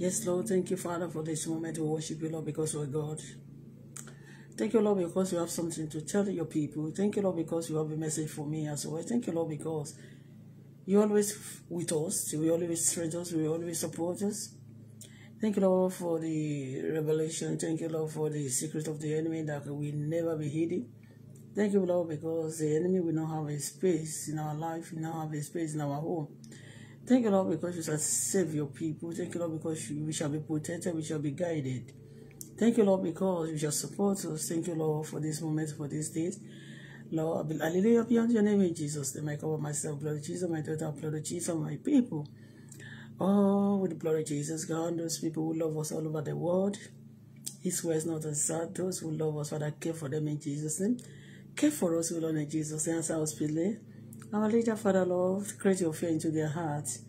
Yes, Lord, thank you, Father, for this moment. We worship you, Lord, because we're God. Thank you, Lord, because you have something to tell your people. Thank you, Lord, because you have a message for me as well. Thank you, Lord, because you are always with us. You always strength us. You always support us. Thank you, Lord, for the revelation. Thank you, Lord, for the secret of the enemy that will never be hidden. Thank you, Lord, because the enemy will not have a space in our life, will not have a space in our home. Thank you, Lord, because you shall save your people. Thank you, Lord, because you, we shall be protected, we shall be guided. Thank you, Lord, because you shall support us. Thank you, Lord, for this moment, for these days. Lord, I hallelujah, beyond your name in Jesus. Then I cover myself, blood of Jesus, my daughter, blood of Jesus, my people. Oh, with the blood of Jesus, God, those people who love us all over the world. His words not sad. Those who love us, Father, care for them in Jesus' name. Care for us, O Lord, in Jesus' name. Answer us, feeling. Our leader, Father Lord, create your fear into their hearts.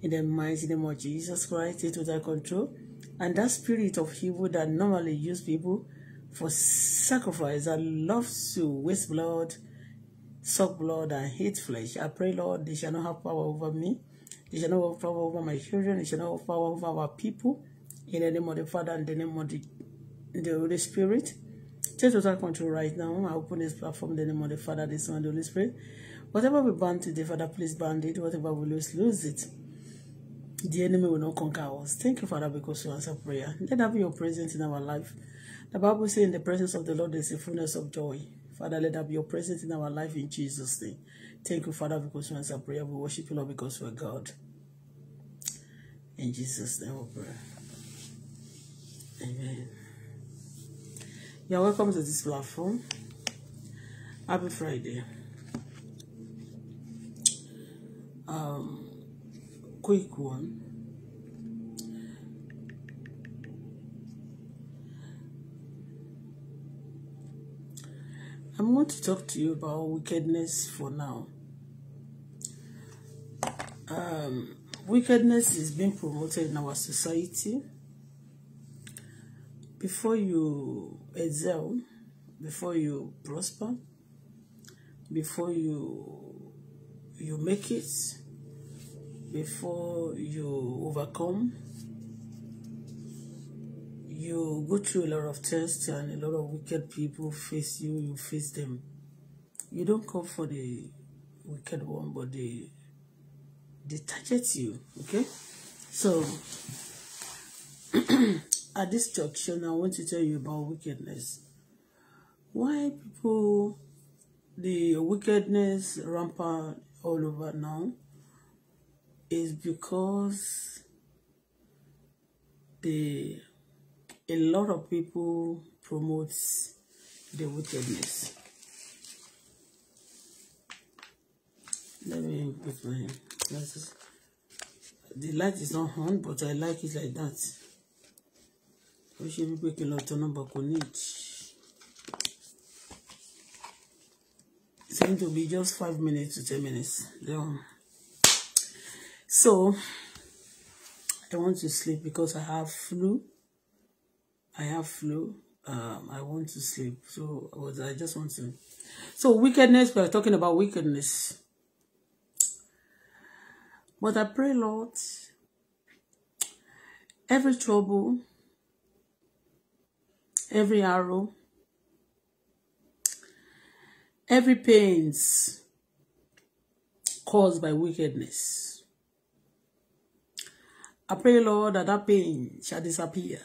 In the mighty name of Jesus Christ, take total control. And that spirit of evil that normally use people for sacrifice I loves to waste blood, suck blood, and hate flesh. I pray, Lord, they shall not have power over me. They shall not have power over my children. They shall not have power over our people. In the name of the Father and the name of the, the Holy Spirit. Take total control right now. I open this platform in the name of the Father, the Son, and the Holy Spirit. Whatever we to today, Father, please ban it. Whatever we lose, lose it. The enemy will not conquer us. Thank you, Father, because you answer prayer. Let that be your presence in our life. The Bible says, in the presence of the Lord, there's a fullness of joy. Father, let that be your presence in our life in Jesus' name. Thank you, Father, because you answer prayer. We worship you, Lord, because you are God. In Jesus' name we pray. Amen. You're welcome to this platform. Happy Friday. um, quick one. I'm going to talk to you about wickedness for now. Um, wickedness is being promoted in our society. Before you excel, before you prosper, before you you make it, before you overcome you go through a lot of tests and a lot of wicked people face you you face them you don't come for the wicked one but they they target you okay so at this junction i want to tell you about wickedness why people the wickedness rampant all over now is because the a lot of people promotes the wickedness. Let me put my glasses. The light is not on, but I like it like that. We should be kí a lot of number. kò ní ìdí. Seem to be just five minutes to ten minutes. Then. So, I want to sleep because I have flu. I have flu. Um, I want to sleep. So, I, I just want to. So, wickedness, we are talking about wickedness. But I pray, Lord, every trouble, every arrow, every pains caused by wickedness I pray, Lord, that that pain shall disappear.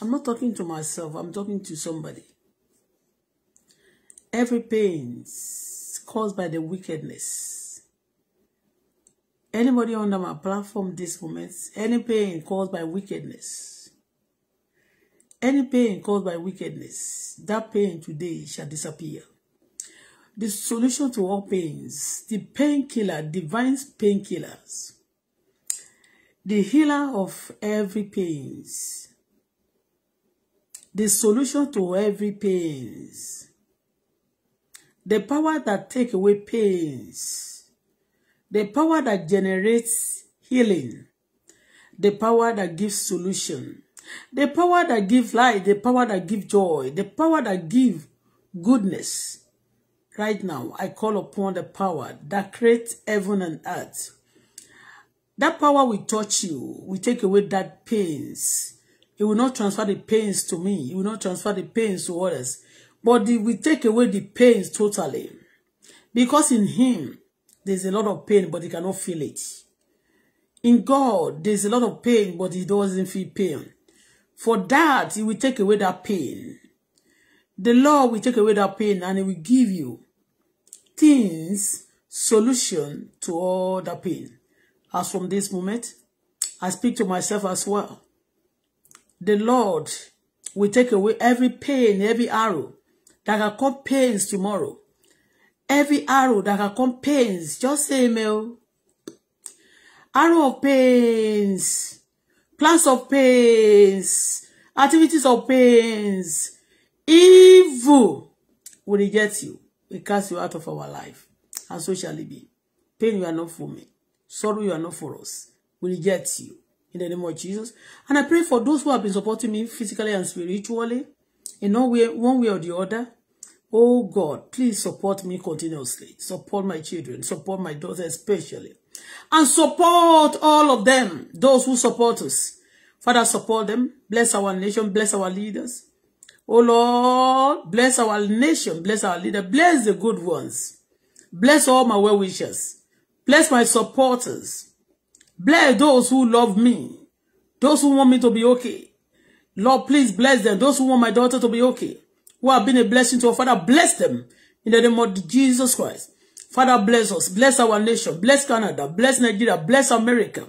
I'm not talking to myself. I'm talking to somebody. Every pain caused by the wickedness. Anybody under my platform this moment, any pain caused by wickedness, any pain caused by wickedness, that pain today shall disappear. The solution to all pains, the painkiller, divine painkillers, the healer of every pains, the solution to every pains, the power that take away pains, the power that generates healing, the power that gives solution, the power that gives light, the power that gives joy, the power that gives goodness. Right now, I call upon the power that creates heaven and earth That power will touch you, will take away that pains. It will not transfer the pains to me. It will not transfer the pains to others. But it will take away the pains totally. Because in him, there's a lot of pain, but he cannot feel it. In God, there's a lot of pain, but he doesn't feel pain. For that, he will take away that pain. The Lord will take away that pain and he will give you things, solution to all that pain as from this moment. I speak to myself as well. The Lord will take away every pain, every arrow that can come pains tomorrow. Every arrow that can come pains, just say amen. Arrow of pains, plans of pains, activities of pains, evil will reject you. We cast you out of our life, and so shall it be. Pain, you are not for me. Sorry you are not for us. We reject you. In the name of Jesus. And I pray for those who have been supporting me physically and spiritually. In one way, one way or the other. Oh God, please support me continuously. Support my children. Support my daughter especially. And support all of them, those who support us. Father, support them. Bless our nation. Bless our leaders. Oh Lord, bless our nation. Bless our leader. Bless the good ones. Bless all my well wishers. Bless my supporters. Bless those who love me. Those who want me to be okay. Lord, please bless them. Those who want my daughter to be okay. Who have been a blessing to our father, bless them. In the name of Jesus Christ. Father, bless us. Bless our nation. Bless Canada. Bless Nigeria. Bless America.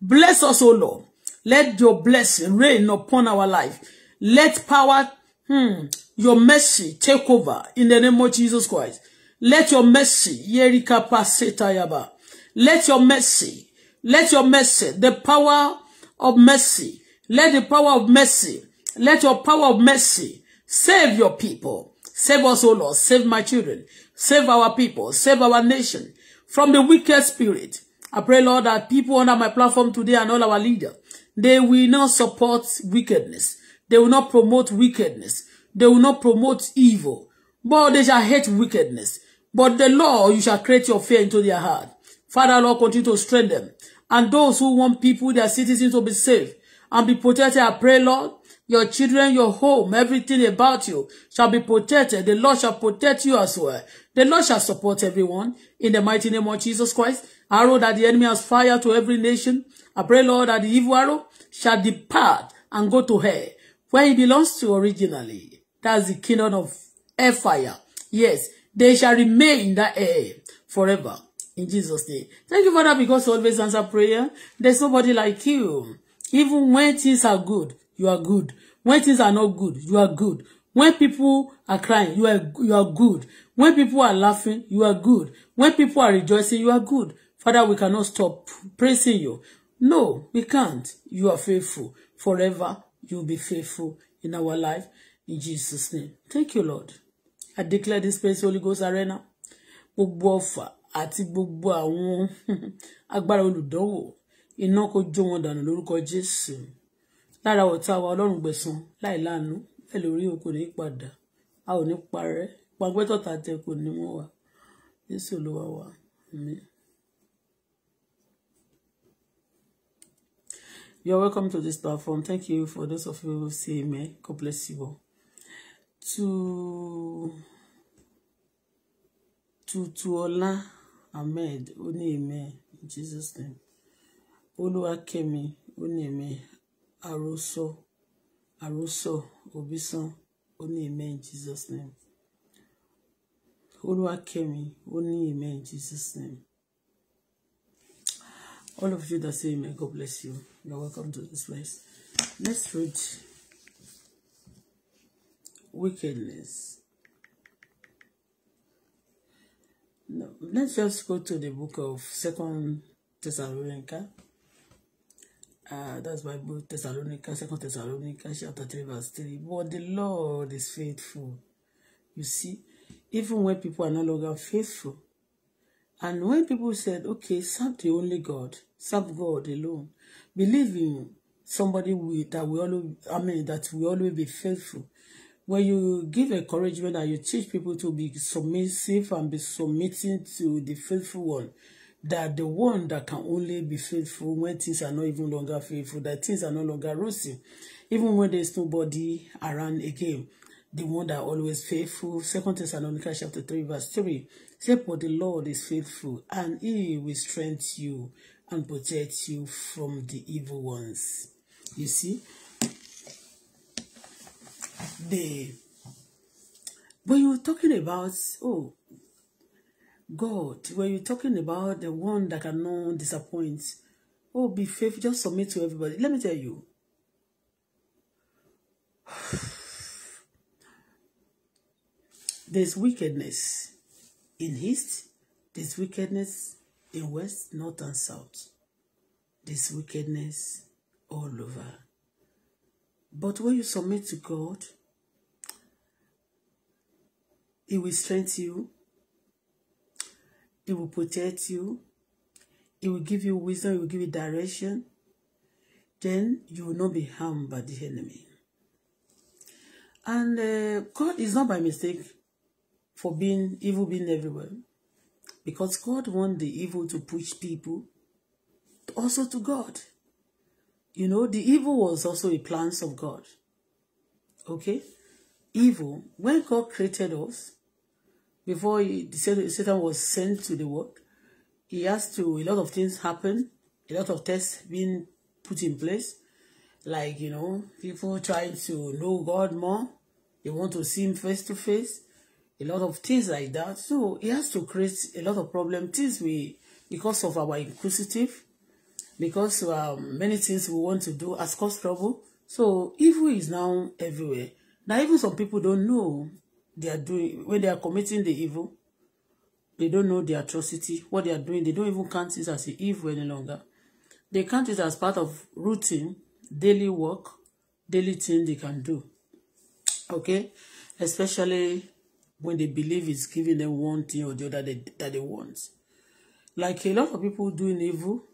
Bless us, O Lord. Let your blessing reign upon our life. Let power, hmm, your mercy take over in the name of Jesus Christ. Let your mercy, Yerika Pasetayaba. Let your mercy, let your mercy, the power of mercy, let the power of mercy, let your power of mercy save your people. Save us, O Lord. Save my children. Save our people. Save our nation from the wicked spirit. I pray, Lord, that people under my platform today and all our leaders, they will not support wickedness. They will not promote wickedness. They will not promote evil. But they shall hate wickedness. But the Lord, you shall create your fear into their heart. Father, Lord, continue to strengthen them. And those who want people, their citizens to be safe and be protected, I pray, Lord, your children, your home, everything about you shall be protected. The Lord shall protect you as well. The Lord shall support everyone in the mighty name of Jesus Christ. Arrow that the enemy has fired to every nation. I pray, Lord, that the evil arrow shall depart and go to hell, where it belongs to originally. That's the kingdom of air fire. Yes, they shall remain in that air forever in Jesus' name. Thank you, Father, because you always answer prayer. There's nobody like you. Even when things are good, you are good. When things are not good, you are good. When people are crying, you are, you are good. When people are laughing, you are good. When people are rejoicing, you are good. Father, we cannot stop praising you. No, we can't. You are faithful. Forever, you'll be faithful in our life. In Jesus' name. Thank you, Lord. I declare this place, Holy Ghost Arena. Gbogbo àti gbogbo àwọn agbára olùdánwò iná kó jó wọn dànù lórúkọ Jésù lára ọ̀tá wa Ọlọ́run gbẹ̀san láìláàánú bẹ́ẹ̀ lórí òkò ní padà a ò ní parẹ́ pagbẹ́tọ̀tà tẹ kò ní wọ́n wá Jésù Olúwa wa àmín. You're welcome to this platform. Thank you for those of you who say amen. God bless you all. To to to Ola ahmed ó amen in jesus name olúwakẹ́mi ó ní amen àròsọ àròsọ òbísàn ó amen jesus name olúwakẹ́mi ó ní amen jesus name all of you that say amen god bless you you are welcome to this place Next read wickedness No, let's just go to the book of Second Thessalonica. Uh, that's Bible Thessalonica, Second Thessalonica, chapter three, verse three. But the Lord is faithful. You see, even when people are no longer faithful, and when people said, "Okay, serve the only God, serve God alone, believe in somebody with, that we always, I mean, that we always be faithful," when you give encouragement and you teach people to be submissive and be submitting to the faithful one, that the one that can only be faithful when things are not even longer faithful, that things are no longer rosy, even when there's nobody around again, the one that always faithful. Second Thessalonians chapter 3, verse 3. Say, but the Lord is faithful, and he will strengthen you and protect you from the evil ones. You see? the when you're talking about oh God, when you're talking about the one that cannot disappoint, oh be faithful, just submit to everybody. Let me tell you. There's wickedness in east, there's wickedness in west, north and south. There's wickedness all over. But when you submit to God, He will strengthen you, He will protect you, He will give you wisdom, He will give you direction. Then you will not be harmed by the enemy. And uh, God is not by mistake for being evil being everywhere. Because God wants the evil to push people also to God. You know, the evil was also a plans of God. Okay? Evil, when God created us, before he, Satan was sent to the world, he has to, a lot of things happen, a lot of tests being put in place, like, you know, people trying to know God more, they want to see him face to face, a lot of things like that. So he has to create a lot of problem things we, because of our inquisitive, because um, many things we want to do has caused trouble. So evil is now everywhere. Now even some people don't know they are doing when they are committing the evil. They don't know the atrocity, what they are doing. They don't even count it as evil any longer. They count it as part of routine, daily work, daily thing they can do. Okay? Especially when they believe it's giving them one thing or the other that they, that they want. Like a lot of people doing evil,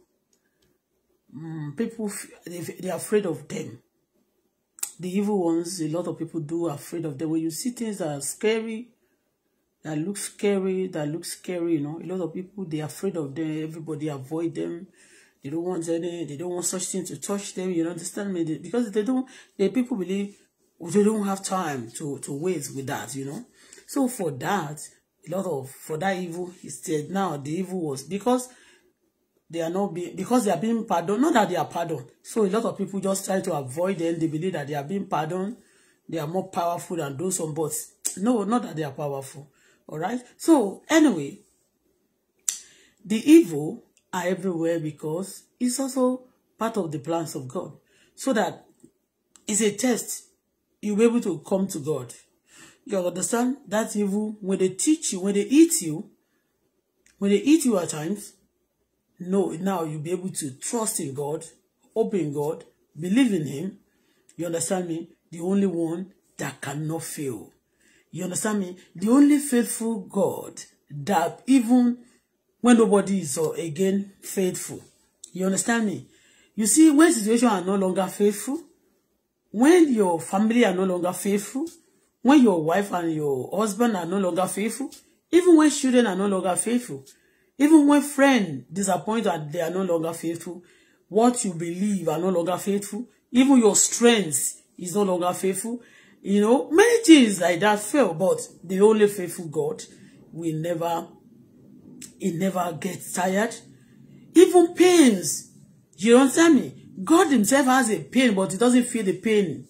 um, people they, they afraid of them. The evil ones, a lot of people do are afraid of them. When you see things that are scary, that look scary, that look scary, you know, a lot of people they're afraid of them. Everybody avoid them. They don't want any. They don't want such thing to touch them. You understand me? They, because they don't. The people believe oh, they don't have time to to waste with that. You know. So for that, a lot of for that evil is said eh, now the evil was because they are not being because they are being pardoned not that they are pardoned so a lot of people just try to avoid them they believe that they are being pardoned they are more powerful than those on but no not that they are powerful all right so anyway the evil are everywhere because it's also part of the plans of God so that it's a test you'll be able to come to God you understand that evil when they teach you when they eat you when they eat you at times know now you'll be able to trust in God, hope in God, believe in Him. You understand me? The only one that cannot fail. You understand me? The only faithful God that even when nobody is uh, again faithful. You understand me? You see, when situations are no longer faithful, when your family are no longer faithful, when your wife and your husband are no longer faithful, even when children are no longer faithful, Even when friends disappoint that they are no longer faithful, what you believe are no longer faithful, even your strength is no longer faithful. You know, many things like that fail, but the only faithful God will never, he never gets tired. Even pains, you understand me? God himself has a pain, but he doesn't feel the pain.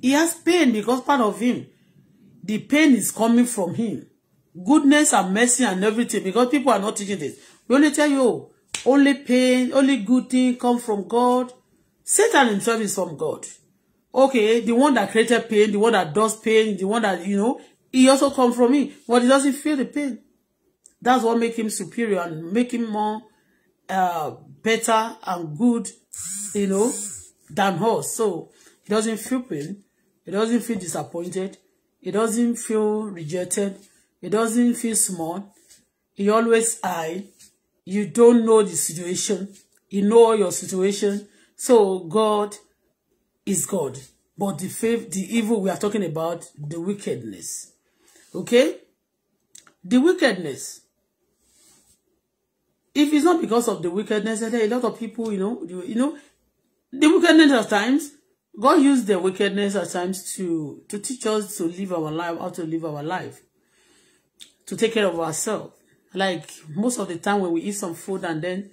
He has pain because part of him, the pain is coming from him goodness and mercy and everything because people are not teaching this. We only tell you, only pain, only good thing come from God. Satan himself is from God. Okay, the one that created pain, the one that does pain, the one that, you know, he also come from me. But he doesn't feel the pain. That's what make him superior and make him more uh, better and good, you know, than us. So he doesn't feel pain. He doesn't feel disappointed. He doesn't feel rejected. He doesn't feel small. He always high. You don't know the situation. You know your situation. So God is God. But the faith, the evil we are talking about, the wickedness. Okay? The wickedness. If it's not because of the wickedness, eh, there a lot of people, you know, you, you know, the wickedness at times, God used the wickedness at times to, to teach us to live our life, how to live our life to take care of ourselves. Like most of the time when we eat some food and then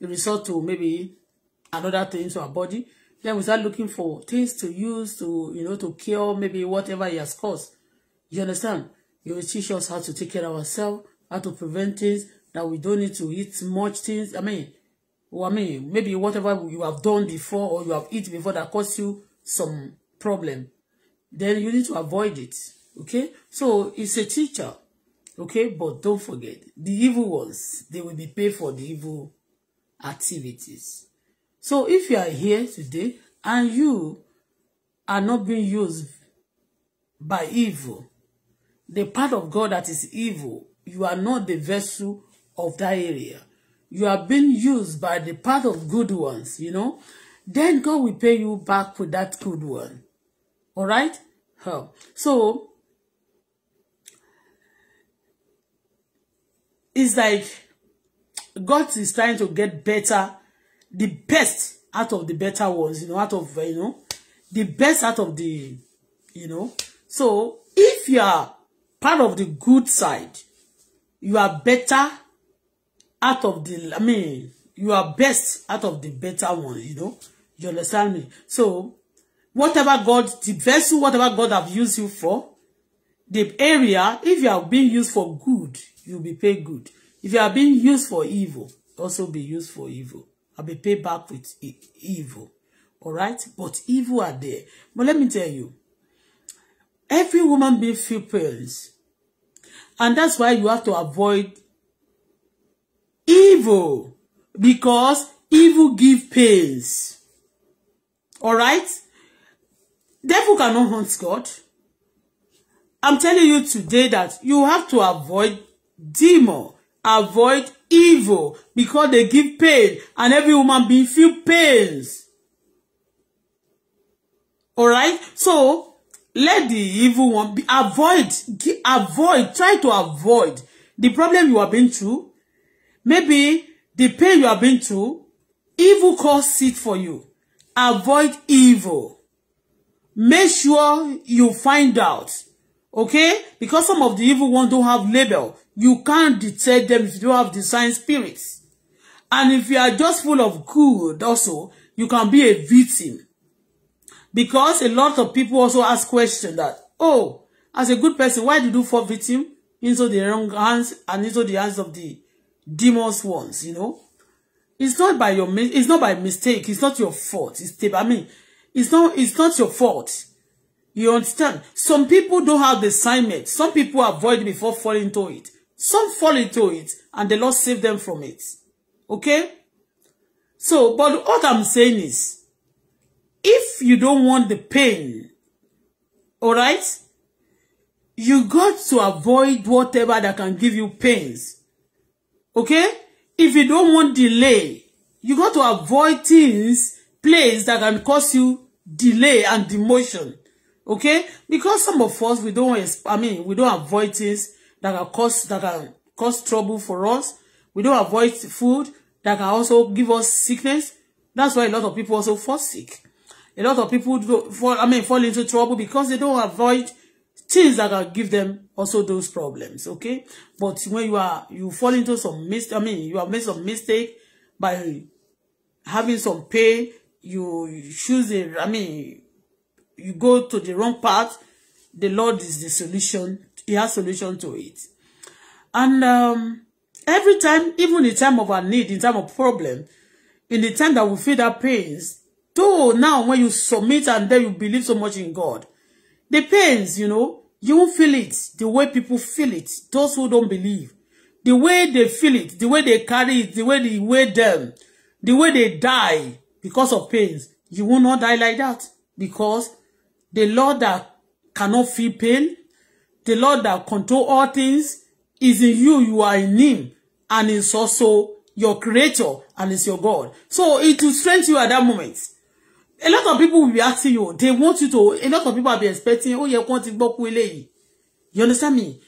it resort to maybe another thing to our body, then we start looking for things to use to, you know, to cure maybe whatever it has caused. You understand? You will teach us how to take care of ourselves, how to prevent things that we don't need to eat much things. I mean, well, I mean, maybe whatever you have done before or you have eaten before that caused you some problem. Then you need to avoid it. Okay? So it's a teacher. Okay, but don't forget, the evil ones, they will be paid for the evil activities. So if you are here today and you are not being used by evil, the part of God that is evil, you are not the vessel of that area. You are being used by the part of good ones, you know. Then God will pay you back for that good one. All right? Huh. So, it's like God is trying to get better, the best out of the better ones, you know, out of, you know, the best out of the, you know. So if you are part of the good side, you are better out of the, I mean, you are best out of the better one, you know. You understand me? So whatever God, the vessel, whatever God have used you for, the area, if you are being used for good, you'll be paid good. If you are being used for evil, also be used for evil. I'll be paid back with e, evil. All right? But evil are there. But let me tell you, every woman being feel pains. And that's why you have to avoid evil. Because evil give pains. All right? Devil cannot hunt God. I'm telling you today that you have to avoid demon avoid evil because they give pain and every woman being feel pains all right so let the evil one be avoid avoid try to avoid the problem you have been through maybe the pain you have been through evil cause sit for you avoid evil make sure you find out Okay? Because some of the evil ones don't have label. You can't detect them if you don't have design spirits. And if you are just full of good also, you can be a victim. Because a lot of people also ask question that, oh, as a good person, why do you fall victim into the wrong hands and into the hands of the demons ones, you know? It's not by your it's not by mistake, it's not your fault. It's I mean, it's not it's not your fault. You understand? Some people don't have the assignment. Some people avoid before falling into it. Some fall into it and the Lord save them from it. Okay? So, but what I'm saying is, if you don't want the pain, all right, you got to avoid whatever that can give you pains. Okay? If you don't want delay, you got to avoid things, places that can cause you delay and demotion. Okay? Because some of us, we don't, I mean, we don't avoid things that can cause, that can cause trouble for us. We don't avoid food that can also give us sickness. That's why a lot of people also fall sick. A lot of people do fall, I mean, fall into trouble because they don't avoid things that can give them also those problems. Okay, but when you are you fall into some mist. I mean, you have made some mistake by having some pay. You choose a, I mean, you go to the wrong path, the Lord is the solution. He has solution to it. And um, every time, even in time of our need, in time of problem, in the time that we feel our pains, though now when you submit and then you believe so much in God, the pains, you know, you won't feel it the way people feel it. Those who don't believe, the way they feel it, the way they carry it, the way they weigh them, the way they die because of pains, you will not die like that because the Lord that cannot feel pain, the Lord that control all things is in you, you are in him, and is also your creator and is your God. So it will strengthen you at that moment. A lot of people will be asking you, they want you to, a lot of people are be expecting, oh, yeah, want to go eléyìí. You understand me?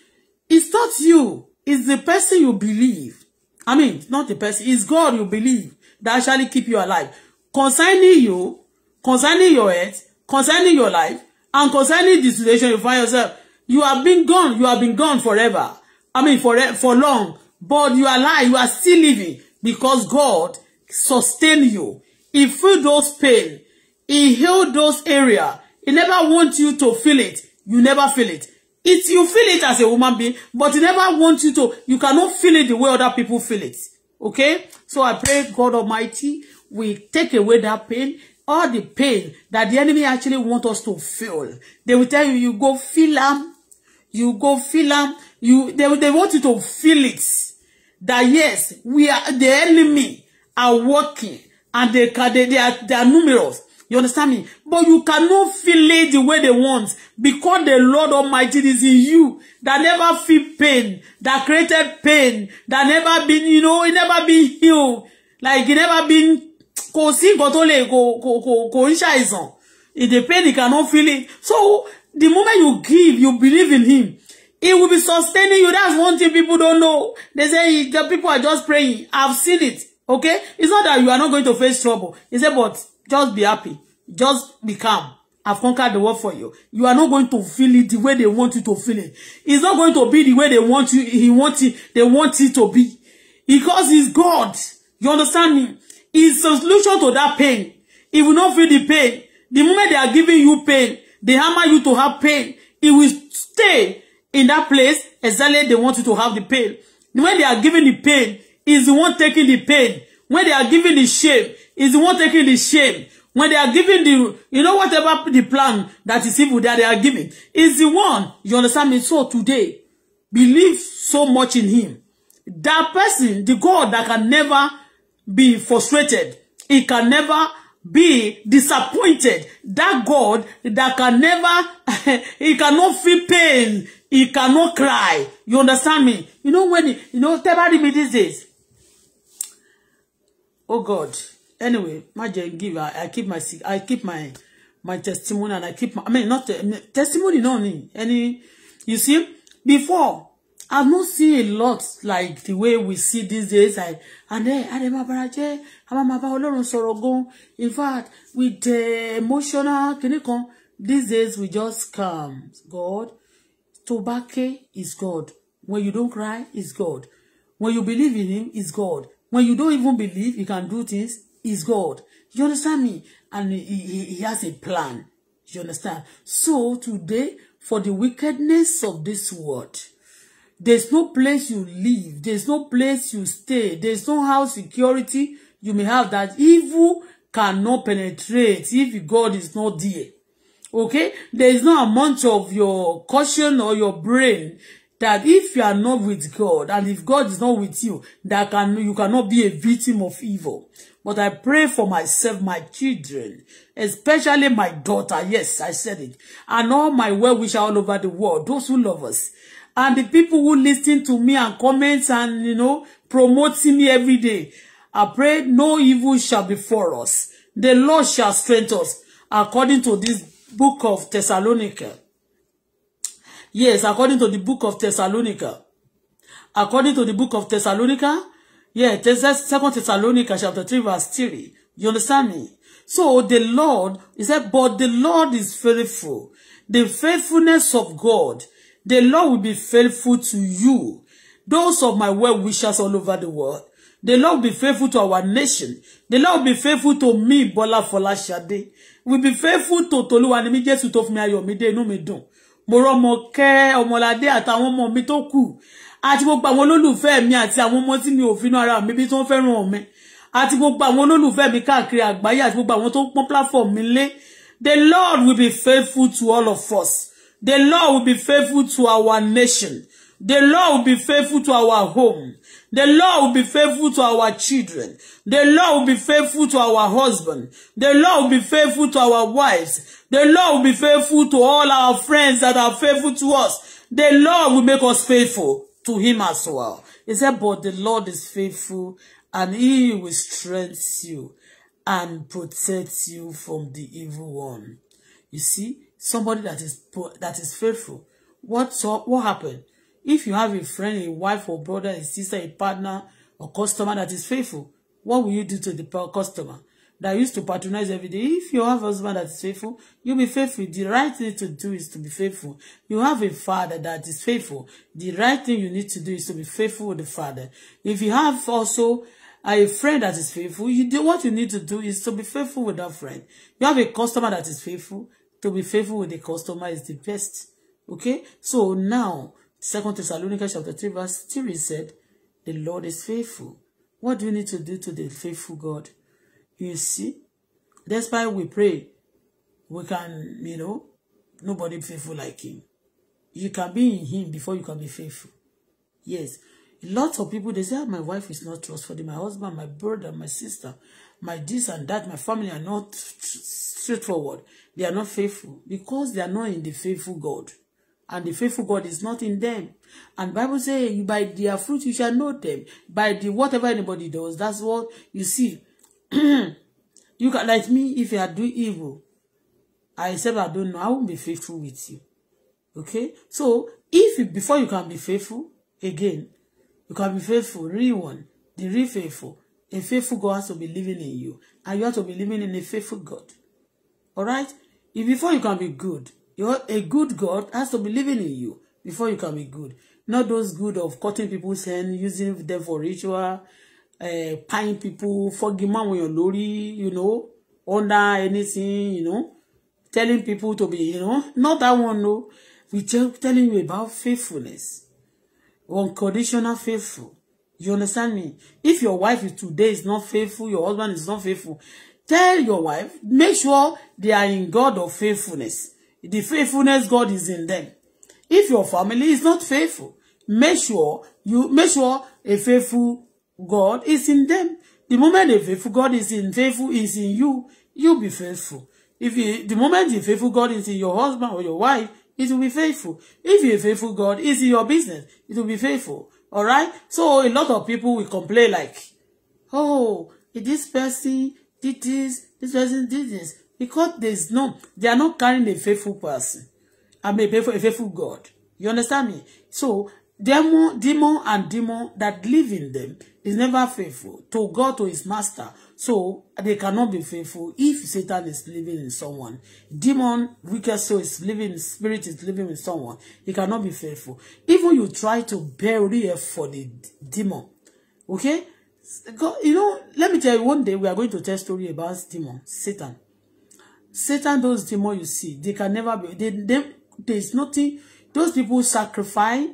It's not you, it's the person you believe. I mean, not the person, it's God you believe that actually keep you alive. Concerning you, concerning your health, concerning your life and concerning the situation you find yourself. You have been gone. You have been gone forever. I mean, for, for long. But you are alive. You are still living because God sustain you. He feel those pain. He heal those area. He never want you to feel it. You never feel it. It's you feel it as a woman being, but he never want you to. You cannot feel it the way other people feel it. Okay? So I pray God Almighty will take away that pain all the pain that the enemy actually want us to feel. They will tell you, you go feel them, you go feel them, you they, they want you to feel it. That yes, we are the enemy are working and they can they, they are they are numerous. You understand me? But you cannot feel it the way they want because the Lord Almighty is in you that never feel pain, that created pain, that never been, you know, it never been healed, like it never been kò sí nǹkan tó lè kò kò kò kò ń ṣàìsàn the pain he cannot feel it so the moment you give you believe in him he will be sustaining you that's one thing people don't know they say the people are just praying I've seen it okay it's not that you are not going to face trouble he said but just be happy just be calm I've conquered the world for you. You are not going to feel it the way they want you to feel it. It's not going to be the way they want you. He want it. They want it to be, because he's God. You understand me? is a solution to that pain. If you not feel the pain, the moment they are giving you pain, they hammer you to have pain. It will stay in that place exactly they want you to have the pain. When they are giving the pain, is the one taking the pain. When they are giving the shame, is the one taking the shame. When they are giving the, you know, whatever the plan that is evil that they are giving, is the one, you understand me? So today, believe so much in him. That person, the God that can never be frustrated. He can never be disappointed. That God that can never, he cannot feel pain. He cannot cry. You understand me? You know when, he, you know, tell me these days. Oh God. Anyway, my give I, I keep my I keep my my testimony and I keep my I mean not uh, testimony no any you see before I'm not seen a lot like the way we see these days. I and then Adema Baraje, Amamaba Ọlọ́run sọ̀rọ̀ gan. In fact, with the emotional kinikan, these days we just calm. God, tobacco is God. When you don't cry, is God. When you believe in Him, is God. When you don't even believe He can do things, is God. You understand me? And He, he, he has a plan. You understand? So today, for the wickedness of this world. There's no place you live. There's no place you stay. There's no house security you may have that evil cannot penetrate if God is not there. Okay? There is no amount of your caution or your brain that if you are not with God and if God is not with you, that can you cannot be a victim of evil. But I pray for myself, my children, especially my daughter. Yes, I said it. And all my well-wishers all over the world, those who love us and the people who listen to me and comment and, you know, promoting me every day. I pray no evil shall befall us. The Lord shall strengthen us, according to this book of Thessalonica. Yes, according to the book of Thessalonica. According to the book of Thessalonica, yeah, Second Thessalonica chapter 3 verse 3. You understand me? So the Lord, he said, but the Lord is faithful. The faithfulness of God The Lord will be faithful to you. Those of my well wishers all over the world. The Lord will be faithful to our nation. The Lord will be faithful to me, Bola Folashade. Will be faithful to Toluwanimi Jésù tó fún mi Ayọ̀mídé inú mi dùn. Mo ro mo ke Ọmọládé àtàwọn ọmọ mi tó kù. Àti gbogbo àwọn olólùfẹ́ mi ati àwọn ọmọ tí mi ofinu ara mi bí ton fẹ́ràn mi. Àti gbogbo àwọn olólùfẹ́ mi káàkiri àgbáyé àti gbogbo àwọn tó pọ́n platform mi lé. The Lord will be faithful to all of us. The Lord will be faithful to our nation. The Lord will be faithful to our home. The Lord will be faithful to our children. The Lord will be faithful to our husband. The Lord will be faithful to our wives. The Lord will be faithful to all our friends that are faithful to us. The Lord will make us faithful to him as well. He said, but the Lord is faithful and he will strengthen you and protect you from the evil one. You see, somebody that is that is faithful. What what happened? If you have a friend, a wife, or brother, a sister, a partner, or customer that is faithful, what will you do to the customer that used to patronize every day? If you have a husband that is faithful, you'll be faithful. The right thing to do is to be faithful. You have a father that is faithful. The right thing you need to do is to be faithful with the father. If you have also a friend that is faithful, you do what you need to do is to be faithful with that friend. You have a customer that is faithful to be faithful with the customer is the best. Okay? So now, Second Thessalonians chapter 3, verse 3 said, The Lord is faithful. What do you need to do to the faithful God? You see? That's why we pray. We can, you know, nobody faithful like him. You can be in him before you can be faithful. Yes. Lots of people, they say, oh, my wife is not trustworthy, my husband, my brother, my sister my this and that, my family are not straightforward. They are not faithful because they are not in the faithful God. And the faithful God is not in them. And Bible says, by their fruit you shall know them. By the whatever anybody does, that's what you see. you can like me if you are doing evil. I said I don't know. I won't be faithful with you. Okay? So if before you can be faithful, again, you can be faithful, real one, the real faithful. A faithful God has to be living in you. And you have to be living in a faithful God. Alright? If before you can be good, you're a good God has to be living in you before you can be good. Not those good of cutting people's hand, using them for ritual, uh, eh, paying people, forgiving when you're lórí, you know, under anything, you know, telling people to be, you know, not that one, no. We're telling you about faithfulness, unconditional faithful. You understand me? If your wife is today is not faithful, your husband is not faithful, tell your wife, make sure they are in God of faithfulness. The faithfulness God is in them. If your family is not faithful, make sure you make sure a faithful God is in them. The moment a faithful God is in faithful is in you, you'll be faithful. If you, the moment a faithful God is in your husband or your wife, it will be faithful. If a faithful God is in your business, it will be faithful. All right? So a lot of people will complain like, oh, this person did this, this person did this. Because there's no, they are not carrying a faithful person. a faithful, a faithful God. You understand me? So demon, demon and demon that live in them is never faithful to God, to his master, So they cannot be faithful if Satan is living in someone. Demon, wicked soul is living, spirit is living in someone. He cannot be faithful. Even you try to bury it for the demon. Okay? God, you know, let me tell you, one day we are going to tell story about demon, Satan. Satan, those demons you see, they can never be, they, they, there's nothing, those people sacrifice,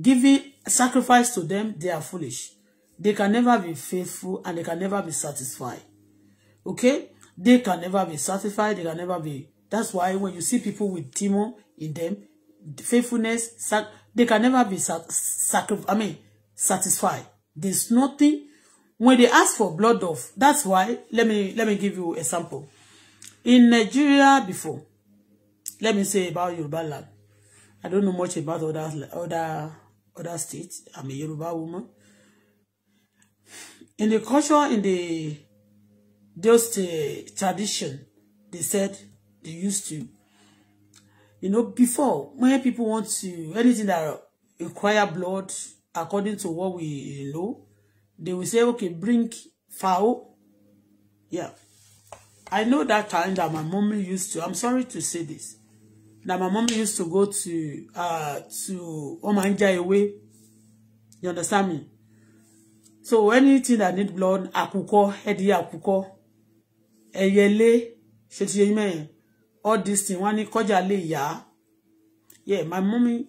giving sacrifice to them, they are foolish. They can never be faithful and they can never be satisfied. Okay? They can never be satisfied. They can never be. That's why when you see people with demon in them, faithfulness, sac they can never be sac sac I mean, satisfied. There's nothing. When they ask for blood off. that's why, let me, let me give you example. In Nigeria before, let me say about Yoruba land. I don't know much about other, other, other states. I'm a Yoruba woman in the culture in the those uh, tradition they said they used to you know before when people want to anything that require blood according to what we know they will say okay bring fowl yeah I know that time that my mom used to I'm sorry to say this that my mom used to go to uh to ó máa ń you understand me so anything that need blood àkùkọ ẹdìyẹ àkùkọ ẹyẹlé ṣe ti yẹn mẹyìn all this thing wọn ní kọjá lè yeah my mommy.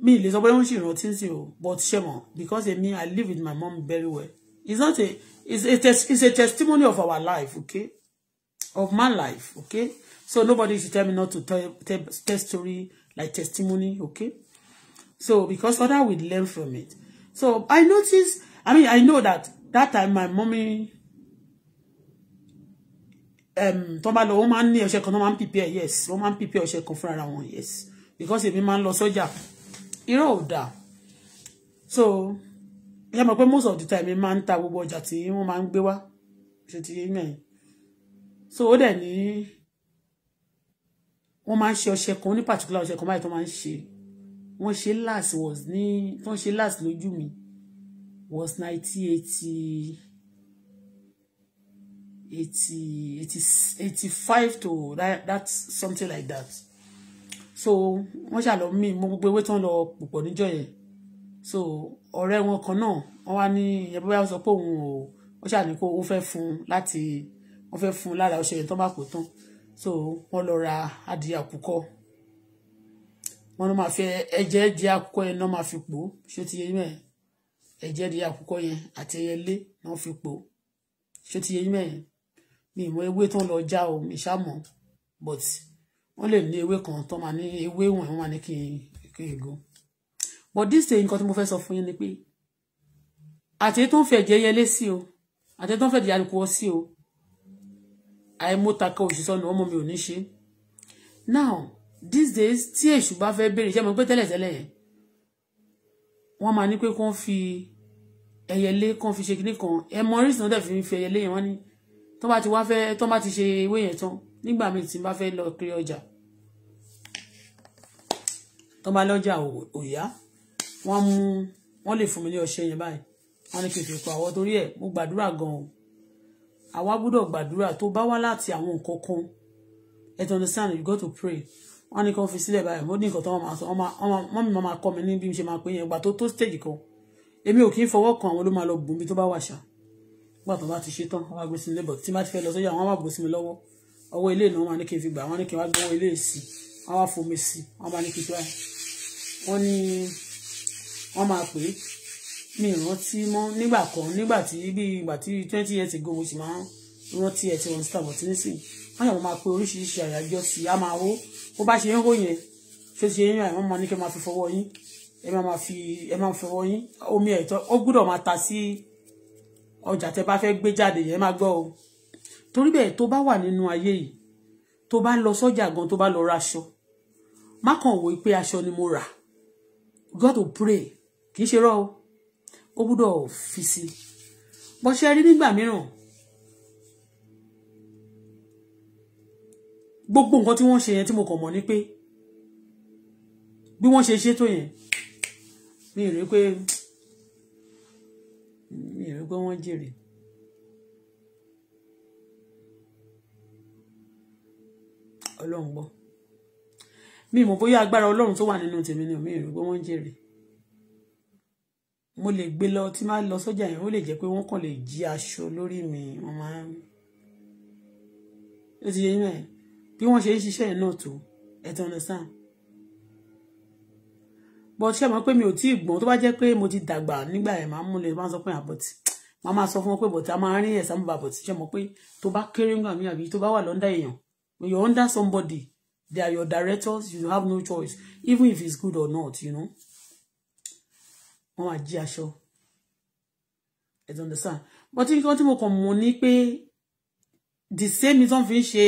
Me, lè sọ pé wọn sì rántí sí but ṣe mọ because me, i live with my mom very well it's not a it's a it's a testimony of our life okay of my life okay so nobody should tell me not to tell tell, tell story like testimony okay so because other will learn from it so i notice I mean, I know that that time my mommy um tó bá lọ wọ́n máa ń ní ọṣẹ kan tó máa ń prepare yes wọ́n máa ń prepare ọṣẹ kan fúnra yes because èmi máa ń lọ sọ́jà irọ́ ò dáa so yeah, my pé most of the time a man ta gbogbo ọjà tí Woman máa ń gbé wá ṣe so ó dẹ̀ woman she she come ṣe ọṣẹ kan ní particular ọṣẹ kan báyìí tó máa ń ṣe wọ́n last was ni when she ṣe last lójú mi was 1980 80 80 85 to that that's something like that so wọ́n ṣàlọ mí mo gbogbo ewé tó ń lọ púpọ̀ so ọ̀rẹ́ wọn kan náà wọ́n wá ní ìyẹn bóyá wọ́n sọ pé òun ò wọ́n ṣàní kó ó fẹ́ fún láti wọ́n fẹ́ fún lára ọṣẹ yẹn tó bá kó tán so wọ́n lọ ra adìyẹ àkùkọ wọ́n lọ máa fi ẹ̀jẹ̀ ẹ̀jẹ̀ àkùkọ yẹn náà máa fi pò ṣé ti yẹ yín ẹ̀jẹ̀ di àkùkọ yẹn àti ẹyẹlé náà fi pò ṣó ti yẹ yín mẹ́yìn mi ìmọ̀ ewé tán lọ já o mi ṣàmọ̀ but wọ́n lè ní ewé kan tán máa ní ewé ìwọ̀n wọ́n máa ní kí n go but this day nǹkan tí mo fẹ́ sọ fún yín ni pé àti tó ń fẹ́ ẹ̀jẹ̀ ẹyẹlé sí o àti tó ń fẹ́ ẹ̀jẹ̀ àkùkọ sí o àìmọ́taka òṣìṣọ́ ni ọmọ mi ò ní ṣe now these days tí èṣù bá fẹ́ béèrè ṣé mo gbé tẹ́lẹ̀tẹ́lẹ̀ yẹn wọ́n máa ní pé kán fi ẹyẹlé kán fi ṣe kinní kan ẹ mọ orísun náà dẹ̀ fi fi ẹyẹlé yẹn wọ́n ní tó bá ti wá fẹ́ tó bá ti ṣe ewé yẹn tán nígbà míì tí n bá fẹ́ lọ kiri ọjà tó bá lọ́jà òyà wọ́n mú wọ́n lè fún mi ní ọṣẹ yẹn báyìí wọ́n ní kìkì pa àwọn torí ẹ̀ mo gbàdúrà gan-an àwa gbọ́dọ̀ gbàdúrà tó bá wá láti àwọn nǹkan kan ẹ tọ́ni sáà you go to pray wọ́n ní kí wọ́n fi sílẹ̀ báyìí ó ní nǹkan tó wọ́n máa sọ wọ́n mi máa kọ́ mi ní bí mo ṣe máa pè yẹn ìgbà tó tó stage kan èmi ò kí ń fọwọ́ kan àwọn ló máa lọ bùn mi tó bá wà ṣá nígbà tó bá ti ṣe tán wọ́n máa gbé sí ilé bọ̀ tí má ti fẹ́ lọ sọ́jà wọ́n máa bò sí mi lọ́wọ́ ọwọ́ ilé ìnáwó máa ní kí n fi gbà wọ́n ní kí n wá gbọ́wọ́ ilé ìsì wọ́n wá fomi sí wọ́n máa ní kí n gbà wọ́n ní wọ́n máa pè é mi rántí mọ́ nígbà kan nígbà tí bí ìgbà tí twenty years ago mo sì máa rántí ẹ̀ tí wọ́n ti tàbọ̀ tí nísìnyí wọ́n yàgò máa pe oríṣiríṣi àyájọ́ sí i á máa hó bó bá ṣe ń hó yẹn ṣé ṣe yín àìmọ́ mọ́ ní kí ẹ máa fi fọwọ́ yín ẹ máa fi ẹ máa fọwọ́ yín omi ẹ̀tọ́ ó gbúdọ̀ máa ta sí ọjà tẹ bá fẹ́ gbé jáde yẹn máa gbọ́ o torí bẹ́ẹ̀ tó bá wà nínú ayé yìí tó bá lọ sọ́jà gan tó bá lọ raṣọ má kàn wò pé aṣọ ni mo rà God will pray kì í ṣe rọ́ o ó gbúdọ̀ fi si bọ́ṣẹ́ rí nígbà mìíràn gbogbo nǹkan tí wọ́n ṣe yẹn tí mo kàn mọ̀ ni pé bí wọ́n ṣe ṣe tó yẹn mi rí pé mi rí pé wọ́n jèrè. ọlọ́run gbọ́ mi mọ̀ bóyá agbára ọlọ́run tó wà nínú tèmi ni mi rí pé wọ́n jèrè mo lè gbé lọ tí máa lọ sọ́jà yẹn ó lè jẹ́ pé wọ́n kàn lè jí aṣọ lórí mi wọ́n máa ń ó ti yẹ yín mẹ́rin bí wọ́n ṣe ń ṣiṣẹ́ yẹn náà tó ẹ ti understand but ṣé mọ̀ pé mi ò tí ì gbọ́n tó bá jẹ́ pé mo ti dàgbà nígbà yẹn máa ń múlẹ̀ máa ń sọ pé àbọ̀tì ah, máa máa sọ fún wọn pé bọ̀tì a máa rí ẹ̀sán bàbà bọ̀tì ṣé mọ̀ pé tó bá kéré ńgbà mí àbí tó bá wà lọ́ndà èèyàn you under somebody they are your directors you have no choice even if it's good or not you know wọ́n máa jí aṣọ ẹ ti understand but nǹkan tí mo kàn mọ̀ ni pé the same is wọ́n fi ń ṣe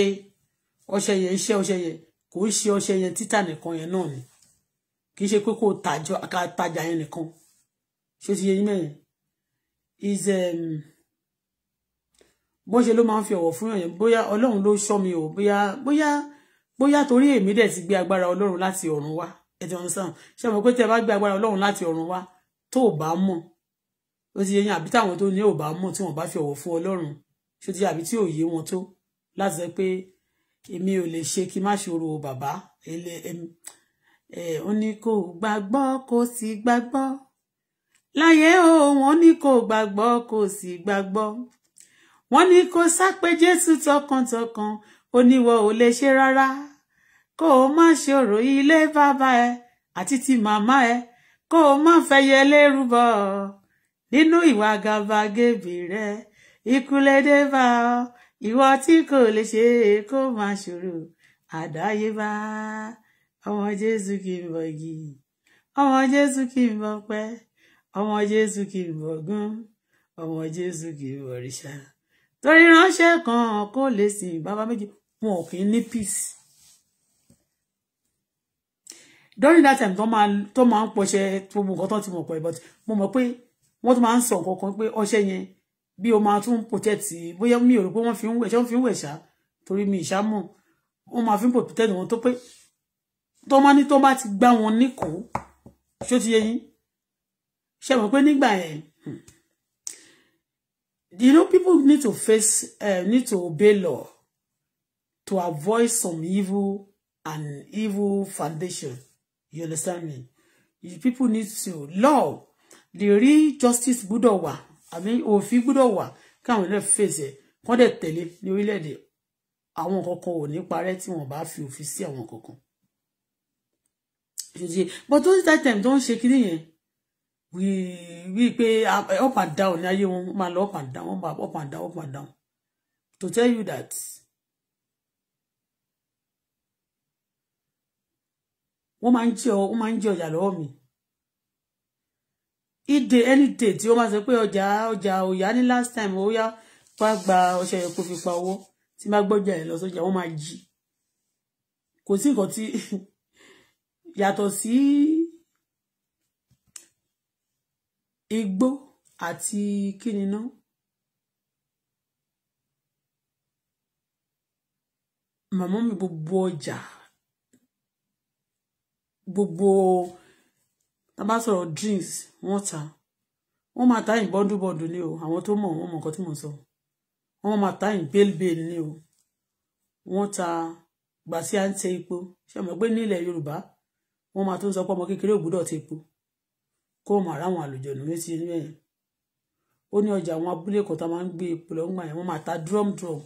ọṣẹ yẹn iṣẹ́ ọṣẹ yẹn kò ń ṣe ọṣẹ yẹn títà nìkan yẹn náà ni kì í ṣe pé kò tajà yẹn nìkan ṣé ti yẹ yín mẹ́yìn is um, bó ṣe ló máa ń fi ọ̀wọ̀ fún yàn yẹn bóyá ọlọ́run ló ṣọ́ mi o bóyá bóyá bóyá torí èmi dẹ̀ ti gbé agbára ọlọ́run láti ọ̀run wá ẹ ti wọn sàn ṣé mo pé tẹ bá gbé agbára ọlọ́run láti ọ̀run wá tó o bá mọ̀ ó ti yẹ yín àbí táwọn tó ní ò bá mọ̀ tí wọ́n bá fi ọ̀wọ̀ fún ọlọ́run ṣó ti yẹ àbí tí ò yé wọn tó láti sọ pé èmi ò lè ṣe kí má ṣòro o bàbá ó ní kò gbàgbọ́ kò sì gbàgbọ́ láyé o wọ́n ní kò gbàgbọ́ kò sì gbàgbọ́ wọ́n ní kò sápé Jésù tọkàntọkàn ó níwọ ò lè ṣe rárá kó o má ṣòro ilé bàbá ẹ àti ti màmá ẹ kó o má fẹyẹ lérú bọ nínú ìwà gàbàgebè rẹ ikú lè dé bá ọ ìwọ tí kò lè ṣe é kó máa ṣòro àdáyébá ọmọ jésù kì í bọ igi ọmọ jésù kì í bọ pẹ ọmọ jésù kì í bọ gún ọmọ jésù kì í bọ ríṣà torí ránṣẹ́ kan kó lè sìn bàbá méjì wọn kì í ní peace during that time tó máa tó máa ń pọṣẹ gbogbo nǹkan tó ti mọ̀ pọ̀ but mo mọ̀ pé wọ́n tún máa ń sọ nǹkan kan pé ọṣẹ yẹn bí o máa tún protect bóyá mi ò rò pé wọ́n fi ń wẹ̀ ṣé wọ́n fi ń wẹ̀ ṣá torí mi ìṣá wọ́n máa fi ń protect wọn tó pé tó máa ní tó bá ti gbá wọn níkòó ṣó ti yẹ yín ṣe mọ̀ pé nígbà yẹn you know people need to face uh, need to obey law to avoid some evil and evil foundation you understand me people need to law the real justice gbọ́dọ̀ wà àbí òfin gbọ́dọ̀ wà káwọn ilé fèsì ẹ̀ kọ́ dẹ̀ tẹ̀lé ní orílẹ̀-èdè àwọn kankan ò ní parẹ́ tí wọ́n bá fi òfin sí àwọn kankan. ṣèṣe but those that time tó ń ṣe kiri yẹn wí pé up and down ní ayé wọn máa lọ up and down wọ́n máa up and down up and down to tell you that. wọ́n máa ń jẹ ọ wọ́n máa ń jẹ ọjà lọ́wọ́ mi ìdè any day tí ó máa sọ pé ọjà ọjà òyà ní last time ó yá wá gba ọṣẹ yẹn kó fi pa owó tí má gbọ́jà ẹ̀ lọ sọ́jà wọ́n máa jí kò sí nǹkan tí yàtọ̀ sí igbó àti kíni náà. màmá mi gbogbo ọjà gbogbo. Bobo tá a drinks wọ́n ta wọ́n máa ta yìn bọ́ndúbọ́ndù ni o àwọn tó mọ̀ wọ́n mọ̀ nǹkan tí mo sọ wọ́n máa ta yìn bẹ́ẹ̀lbẹ́ẹ̀ ni o wọ́n ta gbà sí à ń tẹ epo ṣe mọ̀ pé nílẹ̀ Yorùbá wọ́n máa tún sọ pé ọmọ kékeré ògbúdọ̀ tẹ epo kó o máa ráwọn àlùjọ̀nù létí inú ẹ̀yìn ó ní ọjà àwọn abúlé kan tá máa ń gbé epo lọ́gbà yẹn wọ́n máa ta drum drum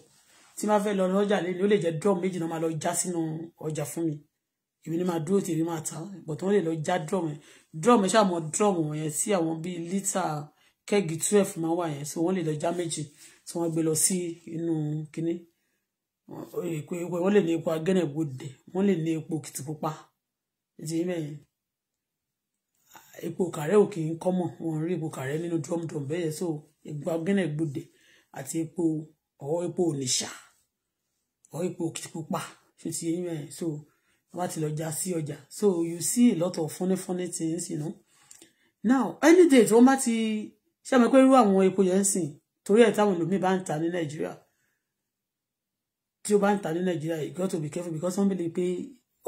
tí máa fẹ́ lọ lọ́jà lé ó lè jẹ́ drum méjì náà máa lọ já sínú ọjà fún mi èmi ni máa dúró tèmi máa ta bọ̀tán ó lè lọ já drum drum ẹ ṣáà mọ drum wọ̀nyẹn sí àwọn bíi lítà kẹ́gì twelve máa wà yẹn so wọ́n lè lọ já méjì tí wọ́n gbé lọ sí inú kínní wọ́n lè ni epo agẹ́nẹ̀gbòdè wọ́n lè ní epo kìtìpupa ètò yìí mẹ́yìn epo kàrẹ́ ò kì í kọ́mọ̀ wọ́n rí epo kàrẹ́ nínú drumdrum bẹ́ẹ̀ so epo agẹ́nẹ̀gbòdè àti epo ọ̀wọ́ epo ònìṣà ọ̀wọ́ epo kìtìpupa ètò yìí mẹ́yìn so bá ti lọ já sí ọjà so you see a lot of funny funny things you know now any day tí wọ́n bá ti ṣe àmọ́ pé irú àwọn epo yẹn ń sìn torí ẹ̀ táwọn olùmíì bá ń ta ní nàìjíríà tí o bá ń ta ní nàìjíríà you got to be careful because wọ́n bèèrè pé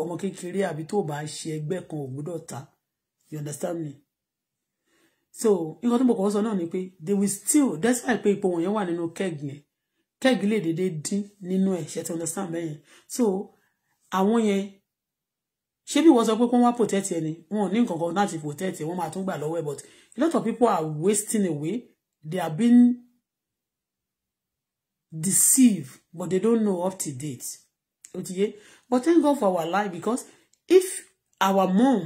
ọmọ kékeré àbí tó bá ṣe ẹgbẹ́ kan ò gbọ́dọ̀ ta you understand me so nǹkan tó mọ̀ kọ́ sọ náà ni pé they will still that's why pé ipò wọ̀nyẹn wà nínú keg yẹn keg lè dédé dín nínú ẹ̀ ṣe ti understand bẹ́ẹ̀ yẹn so àwọn yẹn ṣé bí wọ́n sọ pé kó wá protect ẹni wọn ò ní nǹkan kan láti protect ẹ wọ́n máa tún gbà lọ́wọ́ ẹ but a lot of people are wasting away they are being deceived but they don't know up to date ó but thank God for our life because if our mom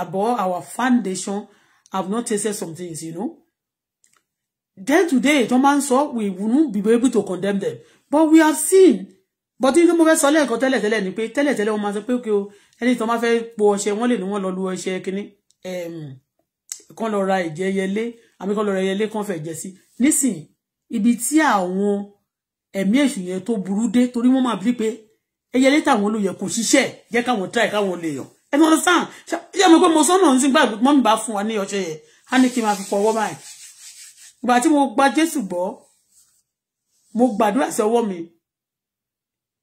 abor our foundation have not tested some things you know then today tó máa ń we wouldn't be able to condemn them but we have seen bọ́tí tí mo fẹ́ sọ lẹ́ẹ̀kan tẹ́lẹ̀tẹ́lẹ̀ ni pé tẹ́lẹ̀tẹ́lẹ̀ wọ́n máa sọ pé kí o ẹni tó máa fẹ́ po ọṣẹ wọ́n lè ní wọ́n lọ lu ọṣẹ kínní kán lọ ra ẹ̀jẹ̀ yẹlé àmì kán lọ ra yẹlé kán fẹ̀ jẹ sí nísìnyí ibi tí àwọn ẹ̀mí èṣù yẹn tó burú dé torí wọ́n máa bí pé ẹyẹlé táwọn olóyè kò ṣiṣẹ́ jẹ́ káwọn tíráì káwọn lè yàn ẹnu ọdún sáà ṣe mọ̀ pé mo sọ́nà ń sìn gbàgbé mọ́ mi bá fún wa ní ọṣẹ yẹn á ní kí n máa fi pọwọ́ báyìí ìgbà tí mo gba Jésù gbọ́ mo gbàdúrà sí ọwọ́ mi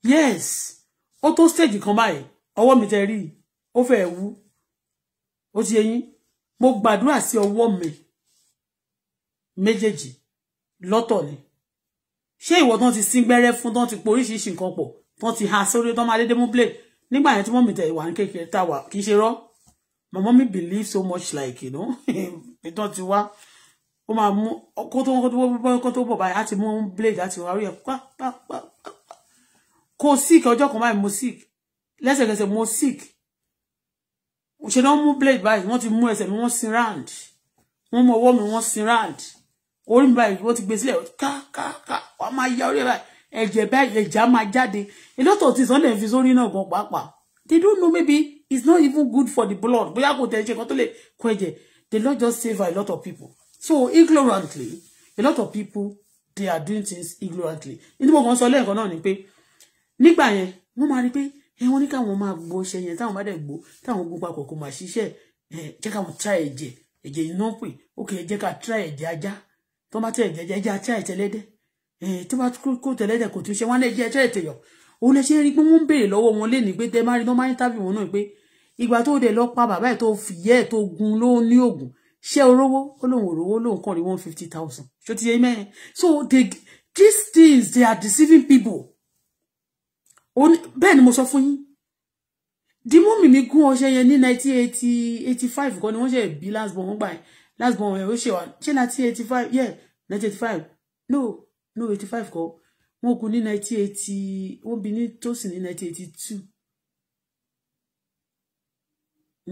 yes ó tó stage kan báyìí ọwọ́ mi tẹ rí i ó fẹ́ wú ó ti yẹyìn mo gbàdúrà sí ọwọ́ mi méjèèjì lọ́tọ̀ ni ṣé ìwọ tán ti sín gbẹ́rẹ́ fún tán ti po oríṣiríṣi nǹkan pọ̀ tán ti ha sórí tán máa dédé mú blade nígbà yẹn tí mọ́mì tẹ̀ wà ní kékeré tá a wà kì í my mommy believes so much like you know ìtàn ti wá ó máa mú kó tó kó tó bọ̀ báyìí á ti mú blade á ti wá rí ẹ̀ pápápápá kò sick ọjọ́ kan báyìí mo sick lẹ́sẹ̀kẹsẹ̀ mo sick ṣe náà mú blade báyìí wọ́n ti mú ẹsẹ̀ mi wọ́n sin round wọ́n mú ọwọ́ mi wọ́n sin round orí mi báyìí wọ́n ti gbé ka ka wọ́n máa ya orí báyìí ẹ̀jẹ̀ báyìí ẹ̀já máa jáde a lot of things on the fi sórí náà gan pàápàá they don't know maybe it's not even good for the blood bóyá kò tẹ̀ ẹ̀jẹ̀ kan tó lè kó ẹ̀jẹ̀ They not just save a lot of people so ignorantly a lot of people they are doing things ignorantly nítorí mo kàn sọ lẹ́ẹ̀kan náà ni pé nígbà yẹn wọ́n máa rí pé ẹ wọ́n ní káwọn máa gbó ṣe yẹn táwọn bá dẹ̀ gbó táwọn gbó papọ̀ kó máa ṣiṣẹ́ ẹ jẹ́ káwọn tra ẹ̀jẹ̀ ẹ̀jẹ̀ yìí náà pè ókè ẹ jẹ́ ká tra ẹ̀jẹ̀ ajá tó bá tẹ ẹ̀jẹ̀ ẹ̀jẹ̀ ajá ẹ̀tẹ̀lẹ́dẹ̀ ẹ tó bá kó tẹ̀lẹ́dẹ̀ kò tún ṣe wọ́n lè jẹ́ ẹ̀tẹ̀ ẹ̀tẹ̀yọ̀ òun lè ṣe rí pé wọ́n ń béèrè lọ́wọ́ wọn lé ní pé tẹ má rí normal interview wọn náà pé ìgbà tó dẹ̀ lọ pa bàbá ẹ̀ tó fìyẹ́ ẹ̀ tó gun ló ní oògùn ṣé orówó ó lóun òrówó lóun kàn rí one fifty thousand ṣó ti yẹ mẹ́rin so they, these things they are deceiving people bẹ́ẹ̀ ni mo sọ fún yín dìmú mi mi gún ọṣẹ yẹn ní nineteen eighty eighty five kan ni wọ́n ṣe bí last born wọ́n gbà yẹn last born ẹ̀ ó ṣe wà ṣé nineteen eighty five yeah nineteen eighty five no no eighty five kọ́ wọ́n kú ní nineteen eighty wọ́n bí ní tòsí ní nineteen eighty two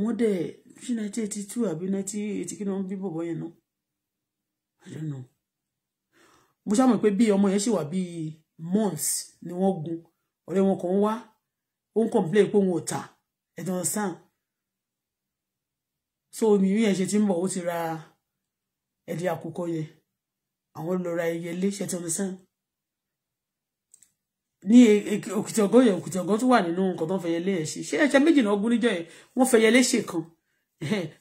wọ́n dẹ̀ ṣé nineteen eighty two àbí nineteen eighty kí ni wọ́n bí bọ̀bọ̀ yẹn náà i don't know mo ṣàmọ̀ pé bí ọmọ yẹn ṣì wà bíi months ni wọ́n gun ọ̀rẹ́ wọn kàn ń wá ó ń complain pé òun ò tà ẹ̀dùn sàn so omi yìí yẹn ṣe ti ń bọ̀ ó ti ra ẹ̀dì àkùkọ yẹn àwọn lọ ra ẹyẹlé ṣe ti ọdún sàn ní òkìtì ọgọ yẹn òkìtì ọgọ tó wà nínú nǹkan tó ń fẹyẹlé yẹn ṣe ṣé ẹṣẹ méjì náà gún níjọ yẹn wọn fẹyẹlé ṣe kan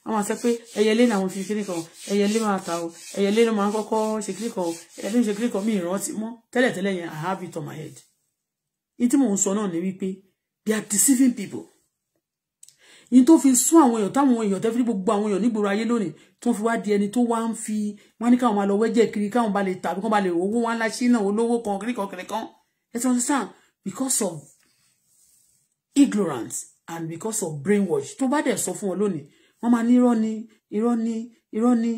àwọn àṣẹ pé ẹyẹlé náà wọn fi kiri kan ẹyẹlé máa ta o ẹyẹlé náà máa kọ́kọ́ ṣe kiri kan ẹyẹlé ṣe kiri kan mi ìrántí mọ́ tẹ́lẹ̀tẹ́lẹ̀ yẹn i have it on my head ìtí mò ń sọ náà ni wípé they are deceiving people in tó fi sún àwọn èèyàn táwọn èèyàn tẹ́fí gbogbo àwọn èèyàn nígboro ayé lónìí tó fi wá di ẹni tó wá ń fi wọn ní káwọn máa lọ wẹ́jẹ̀ kiri káwọn bá lè tàbí kán bá lè owó wọn ńlá ṣínà olówó kan kiri kan kiri kan ẹ ti wọn ti sàn because of ignorance and because of brainwash tó bá dẹ̀ sọ fún wọn lónìí wọ́n máa ní irọ́ ni irọ́ ni irọ́ ni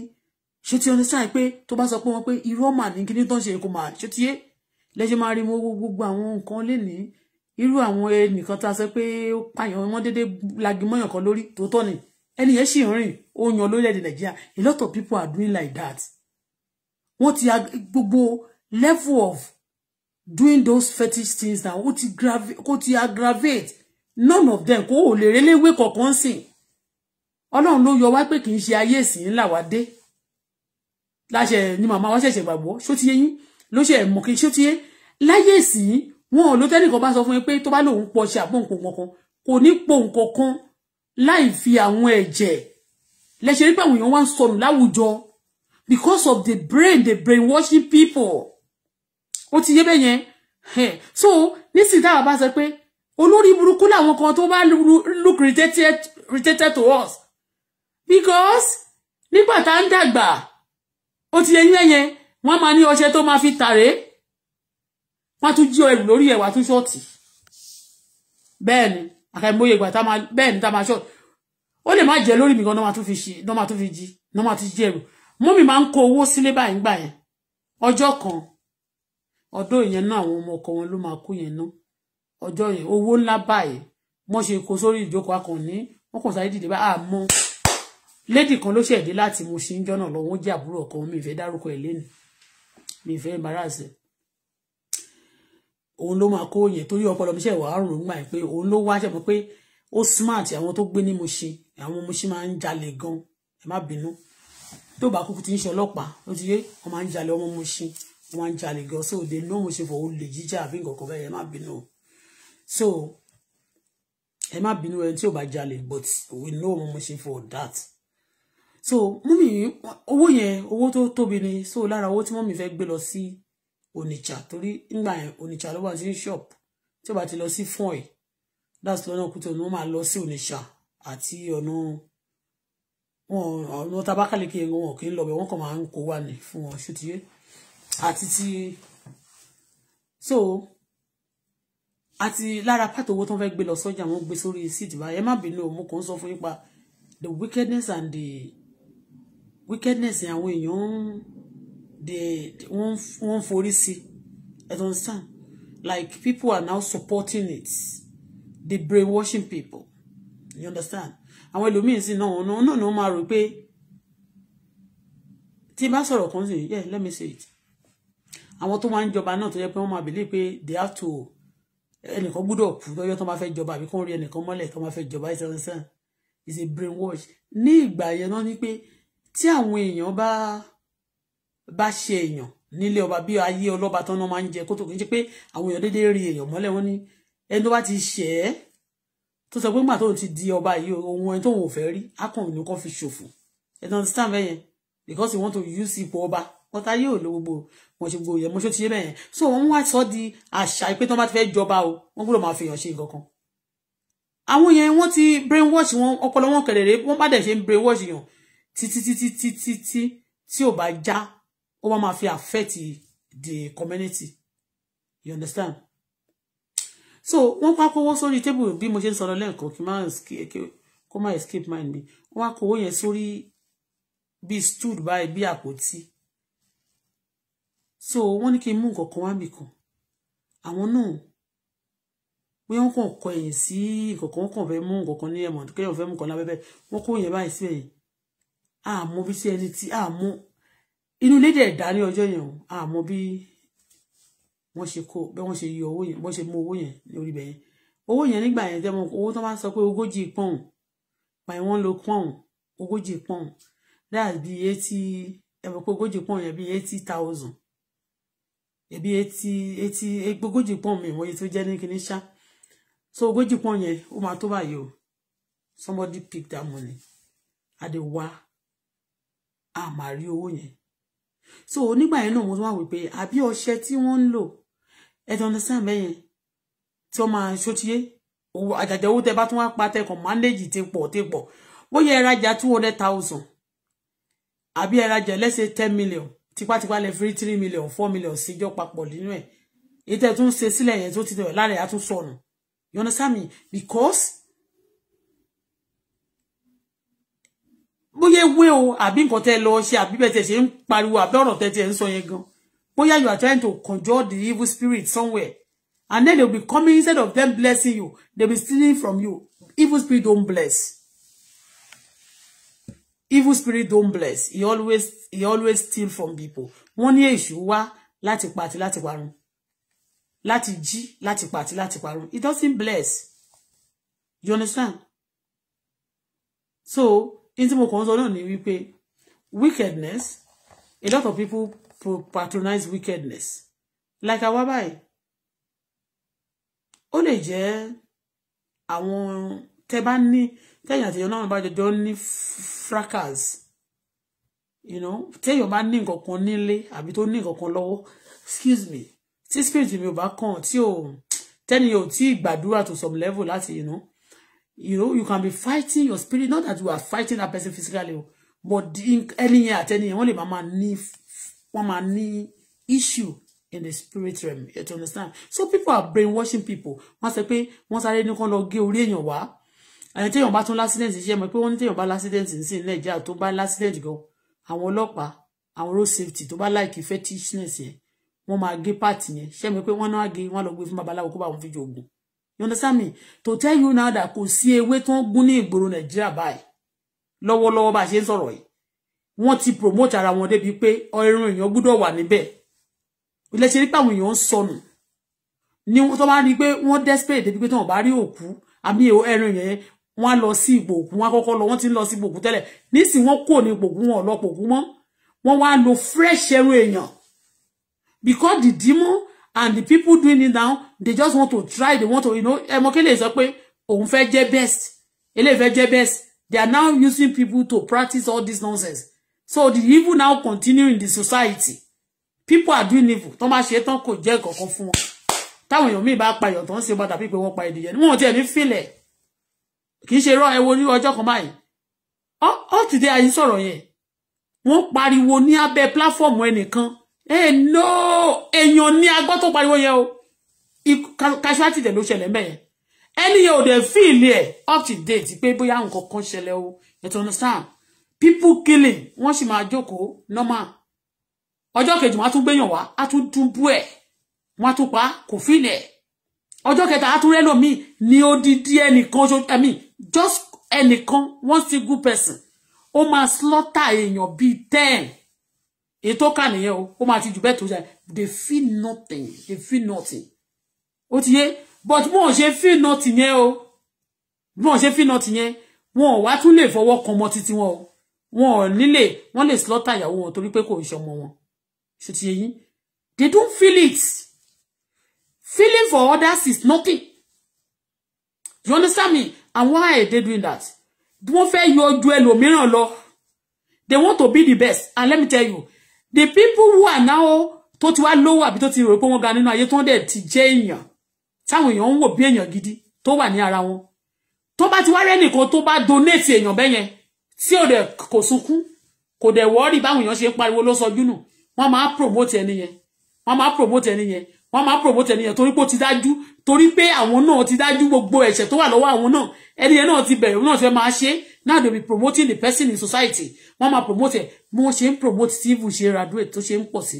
ṣé ti wọn ti sàn pé tó bá sọ pé wọn pé irọ́ mà ní kíní tó ń ṣe kò mà ṣé ti yé lẹ́sẹ̀ máa rí mo gbogbo àwọn nǹkan lénìí irú àwọn ẹnìkan tá a sọ pé ó pààyàn wọn déédéé lagi mọ́yàn kan lórí tòótọ́ ni ẹni yẹn sì ń rìn ó yan lórílẹ̀‐èdè nàìjíríà a lot of people are doing like that wọ́n ti gbogbo level of doing those fetish things now ó ti kó ti aggravate none of them kó o lè reléwé kọ̀ọ̀kan sìn ọlọ́run ló yọ wá pé kì í ṣe ayé ìsìn ńlá wa dé láṣẹ ni màmá wa ṣẹ̀ṣẹ̀ gbàgbọ́ ṣó ti yé yín ló ṣe ẹ̀mọ́ kí ṣó ti yé láyé sí wọn ò ló tẹ́nìkan bá sọ fún yín pé tó bá lòun pọ̀ ṣe àbọ̀ nǹkan kankan kò ní pò nǹkan kan láì fi àwọn ẹ̀jẹ̀ lẹ́sẹ̀ nípa àwọn èèyàn wá ń sọnù láwùjọ because of the brain the brainwashing people ó ti yé bẹ́ẹ̀ yẹn so nísìnyí táwa bá sọ pé olórí burúkú làwọn kan tó bá look related, to us because nígbà tá à ń dàgbà ó ti yẹ yín yẹn wọ́n máa ní ọṣẹ tó máa fi tàrẹ́ wọ́n tún jí ẹrù lórí ẹ̀wà tún ṣọ́ọ̀tì bẹ́ẹ̀ ni àkàìmọye ìgbà tá máa bẹ́ẹ̀ ni tá máa ṣọ́ọ̀tì ó lè má jẹ́ lórí mi gan náà máa tún fi ṣe náà máa tún fi jí náà máa tún jí ẹrù mú mi máa ń kó owó sílé báyìí gbà yẹn ọjọ́ kan ọdún ìyẹn náà àwọn ọmọ ọkọ wọn ló máa kú yẹn náà ọjọ́ yẹn owó ńlá báyìí wọ́n ṣe kó sórí ìjókòó akọni wọ́n kàn sáré dìde bá àmọ́ lédì kan ló ṣẹ̀dé láti mo ṣe ń jọ́nà lọ́wọ́ jẹ́ àbúrò ọkọ mi ìfẹ́ dárúkọ ẹ̀ lẹ́nu mi ìfẹ́ embarrass ẹ̀ òun ló máa kó yẹn torí ọpọlọ mi ṣe wàá rùn gbà pé òun ló wá ṣe mọ pé ó smart àwọn tó gbé ní Mushin àwọn Mushin máa ń jalè gan ẹ má bínú tó bá kúkú ti ń ṣe ọlọ́pàá ó ti yé wọn máa ń jalè ọmọ Mushin wọn máa ń jalè gan so they know Mushin for olè jíjà àbí nǹkan kan bẹ́ẹ̀ ẹ má bínú so ẹ má bínú ẹni tí ò bá jalè but we know ọmọ Mushin for that so mummy owó yẹn owó tó tóbi ni so lára owó tí mummy fẹ́ gbé lọ sí. Si, onitsha torí nígbà yẹn onitsha ló wà sí shop tí o bá ti lọ sí fún ẹ that's lọ́nà kútó ni wọ́n máa lọ sí onitsha àti ọ̀nà wọn ọ̀nà tabakaliki yẹn wọn kì í lọ bẹ̀ wọ́n kàn máa ń kó wà ní fún wọn ṣùtìyẹ àti ti so àti lára pàtó owó tó ń fẹ́ gbé lọ sọ́jà wọ́n gbé sórí síìtì báyìí ẹ má bínú mo kàn ń sọ fún yín pa the wickedness and the wickedness àwọn èèyàn ń they wọ́n wọ́n forí sí i you understand like people are now supporting it they brainwashing people you understand àwọn ẹlòmíín sì náà ọ̀nà náà ni wọ́n máa rò pé tí bá sọ̀rọ̀ kan sí yeah let me say it àwọn tó máa ń jọba náà tó yẹ pé wọ́n máa believe pé they have to ẹnìkan gbúdọ̀ kú lọ́jọ́ tó máa fẹ́ jọba àbí kán rí ẹnìkan mọ́lẹ̀ tó máa fẹ́ jọba it's understand Is a brainwash ní ìgbà yẹn náà ni pé tí àwọn èèyàn bá bá ṣe èèyàn nílé ọba bí ayé ọlọ́ba tán náà máa ń jẹ kó tó kí n ṣe pé àwọn èèyàn déédéé rí èèyàn mọ́lẹ̀ wọn ní ẹni tó bá ti ṣẹ̀ ẹ́ tó sọ pé nígbà tóun ti di ọba yìí ohun ẹni tóun ò fẹ́ rí akọ̀wé ló kọ́ fi ṣòfò ẹ̀tọ́ understand bẹ́yẹn because you want to use ipò ọba wọn ta yóò lo gbogbo wọn ṣe gbogbo yẹn mo ṣó ti ṣe bẹ́yẹn so wọn wá sọ di àṣà pé tí wọn bá ti fẹ́ jọba o wọn gbọ́dọ̀ máa fi èèyàn ṣe nǹkan kan àwọn yẹn wọn ti brainwash wọn ọpọlọ wọn kẹrẹrẹ wọn bá dẹ̀ ṣe ń brainwash yàn títí títí títí tí ò bá já ó wá máa fi affect the community you understand so wọ́n pa kówó sórí tébù bí mo ṣe ń sọ̀rọ̀ lẹ́ẹ̀kan kí n má kó má escape mind mi wọ́n á kówó yẹn sórí bí stood báyìí bí àpótí so wọ́n ní kí n mú nǹkan kan wá bì kan àwọn náà bóyá wọ́n kàn kọ ẹ̀yìn sí nǹkan kan wọ́n kàn fẹ́ mú nǹkan kan ní ẹ̀mọ̀ kéèyàn fẹ́ mú nǹkan lábẹ́bẹ́ wọ́n kó yẹn báyìí sí ẹ̀yìn àmọ́ bí sí ẹni tí àmọ́ inú ilé dẹ̀ dá ní ọjọ́ yẹn o àmọ́ bí wọ́n ṣe kó bí wọ́n ṣe yọ owó yẹn wọ́n ṣe mú owó yẹn lórí bẹ́ẹ̀ owó yẹn nígbà yẹn tẹ́ mọ owó tó bá sọ pé ogójì pọ́ùn pàì wọ́n lo pọ́ùn ogójì pọ́ùn that's bí eighty ẹ̀mọ̀ pé ogójì pọ́ùn yẹn bí eighty thousand ẹ̀bí eighty eighty ogójì pọ́ùn mi ìwọ̀nyí tó jẹ́ ní kíní ṣá so ogójì pọ́ùn yẹn ó máa tó báyìí o somebody pick that money adé wá àmàrí owó yẹn so nígbà yẹn náà mo tún wà wípé àbí ọṣẹ tí wọ́n ń lò ẹ ti understand bẹ́ẹ̀ yẹn tí wọ́n máa ṣótiyé owó àjàjà owó tẹ bá tún wá pa tẹkàn máńdéèjì ti pọ̀ ti pọ̀ bóyá ẹ rajà two hundred thousand àbí ẹ let's say ten million tipátipá lẹ fi rí three million four million síjọ papọ̀ nínú ẹ̀ ètò ẹ̀ tún ṣe sílẹ̀ yẹn tó ti tẹ̀ lára ẹ̀ á tún you understand me because bóyá ewé o àbí nǹkan tẹ́ lọ ṣe àbí bẹ́ẹ̀ tẹ́ ṣe ń pariwo àbí ọ̀rọ̀ tẹ́ tiẹ̀ ń sọ yẹn gan bóyá you are trying to conjure the evil spirit somewhere and then they will be coming instead of them blessing you they will be stealing from you evil spirit don't bless evil spirit don't bless he always he always steal from people wọ́n ní èṣù wá láti pa àti láti parun láti jí láti pa àti láti parun he doesn't bless you understand so tí mo kàn sọ náà ni wípé wickedness a lot of people patronize wickedness like àwa báyìí ó lè jẹ́ àwọn tẹ́ bá ní tẹ́yìn àti ìyọ́nà bá jọjọ́ ní fracas you know tẹ́yìn bá ní nǹkan kan nílé àbí tó ní nǹkan kan lọ́wọ́ excuse me tí spirit mi ò bá kàn tí ò tẹ́ni ò tí gbàdúrà to some level láti you know you know you can be fighting your spirit not that you are fighting that person physically but ẹni yẹn àtẹni yẹn wọ́n lè máa ní wọ́n máa ní issue in the spirit realm you to understand so people are brainwashing people Once once they pay, I wọ́n sọ pé wọ́n sáré ní kán lọ gé orí èèyàn wá ẹni téèyàn bá tún lásìdẹ̀ǹt ṣe mọ̀ pé wọ́n ní téèyàn bá lásìdẹ̀ǹt ní sí nàìjíríà tó bá lásìdẹ̀ǹt gan àwọn ọlọ́pàá àwọn road safety tó bá láìkí fetishness yẹn wọ́n máa gé pààtì yẹn ṣe mọ̀ pé wọ́n náà gé wọ́n lọ gbé fún babaláwo kó bá wọn fi jòògùn you understand me to tell you now that kò sí ewé tó ń gún ní ìgboro nàìjíríà báyìí lọ́wọ́lọ́wọ́ bá ṣe ń sọ̀rọ̀ yìí wọ́n ti promote ara wọn débi pé ọ̀run èèyàn gbúdọ̀ wà níbẹ̀ ilẹ̀ ṣe rí pé àwọn èèyàn ń sọnù ni tó bá rí pé wọ́n desperate débi pé tó wọ́n bá rí òkú àmì ẹ̀rùn yẹn wọ́n á lọ sí ipò òkú wọ́n á kọ́kọ́ lọ wọ́n ti ń lọ sí ipò òkú tẹ́lẹ̀ nísìnyí wọ́n kò ní ipò òkú wọn ọ̀lọ́pọ̀ òkú mọ́ wọ́n wá lo fresh ẹ̀rùn èèyàn because the demon and the people doing it now they just want to try they want to you know ẹmọkẹlẹ sọ pé òun fẹ́ jẹ́ best eléyìí fẹ́ jẹ́ best they are now using people to practice all this nonsense so the evil now continue in the society people are doing evil tó máa ṣe tán kò jẹ́ kankan fún wọn táwọn èèyàn míì bá payọ̀ tó ń ṣe padà pípé wọ́n pa ènìyàn ni wọ́n ti ẹ̀mí filẹ̀ kì í ṣe rán ẹwo ní ọjọ́ kan báyìí all today ayé sọ̀rọ̀ yẹn wọ́n pariwo ní abẹ́ pláfọ́ọ̀mù ẹnìkan hello èèyàn ní agbọ́ tó pariwo yẹn o casualty dẹ̀ ló ṣẹlẹ̀ mẹ́yẹn ẹni yẹn ò dẹ̀ fíìlì ẹ̀ up to date pé bóyá nǹkan kan ṣẹlẹ̀ o you understand people killing wọ́n sì máa jókòó normal ọjọ́ kejì wọ́n á tún gbéyàn wá á tún dún bú ẹ̀ wọ́n á tún pa kò fíìlì ẹ̀ ọjọ́ kẹta á tún rẹ́lòmíì ní odidi I mean, just ẹnìkan one single person ó máa slaughter èèyàn bíi ten èyí tó kà nìyẹn o ó máa ti jù bẹ́ẹ̀ they feel nothing they feel nothing ó ti yé but bí wọ́n feel nothing yẹn o bí wọ́n feel nothing yẹn wọn ò wá tún lè fọwọ́ kan ọmọ títí wọn o wọn ò nílè wọ́n lè slaughter ìyàwó wọn torí pé kò ń ṣe ọmọ wọn ṣe ti yé they don't feel it feeling for others is nothing you understand me and why they doing that wọ́n fẹ́ yọ ojú ẹlòmíràn lọ they want to be the best and let me tell you the people who are now tó ti wá low àbí to ti rò pé wọ́n ga nínú ayé tó ń dẹ̀ ti jẹ́ èèyàn táwọn èèyàn ń wò bí èèyàn gidi tó wà ní ara wọn tó bá ti wá rẹ́nìkan tó bá donate èèyàn bẹ́yẹn tí ò dẹ̀ kò sunkún kò dẹ̀ wọ́ọ̀rì báwọn èèyàn ṣe pariwo ló sọjú nù wọ́n promote ẹni yẹn wọ́n máa promote ẹni yẹn wọ́n promote ẹni yẹn torí pé ó ti dájú torí pé àwọn náà ti dájú gbogbo ẹ̀ṣẹ̀ tó wà lọ́wọ́ àwọn náà ẹni yẹn náà ti bẹ̀rẹ̀ náà ti fẹ́ máa ṣe now they be promoting the person in society Mama máa promote ẹ̀ bí promote Steve evil ṣe graduate tó ṣe ń pọ̀ sí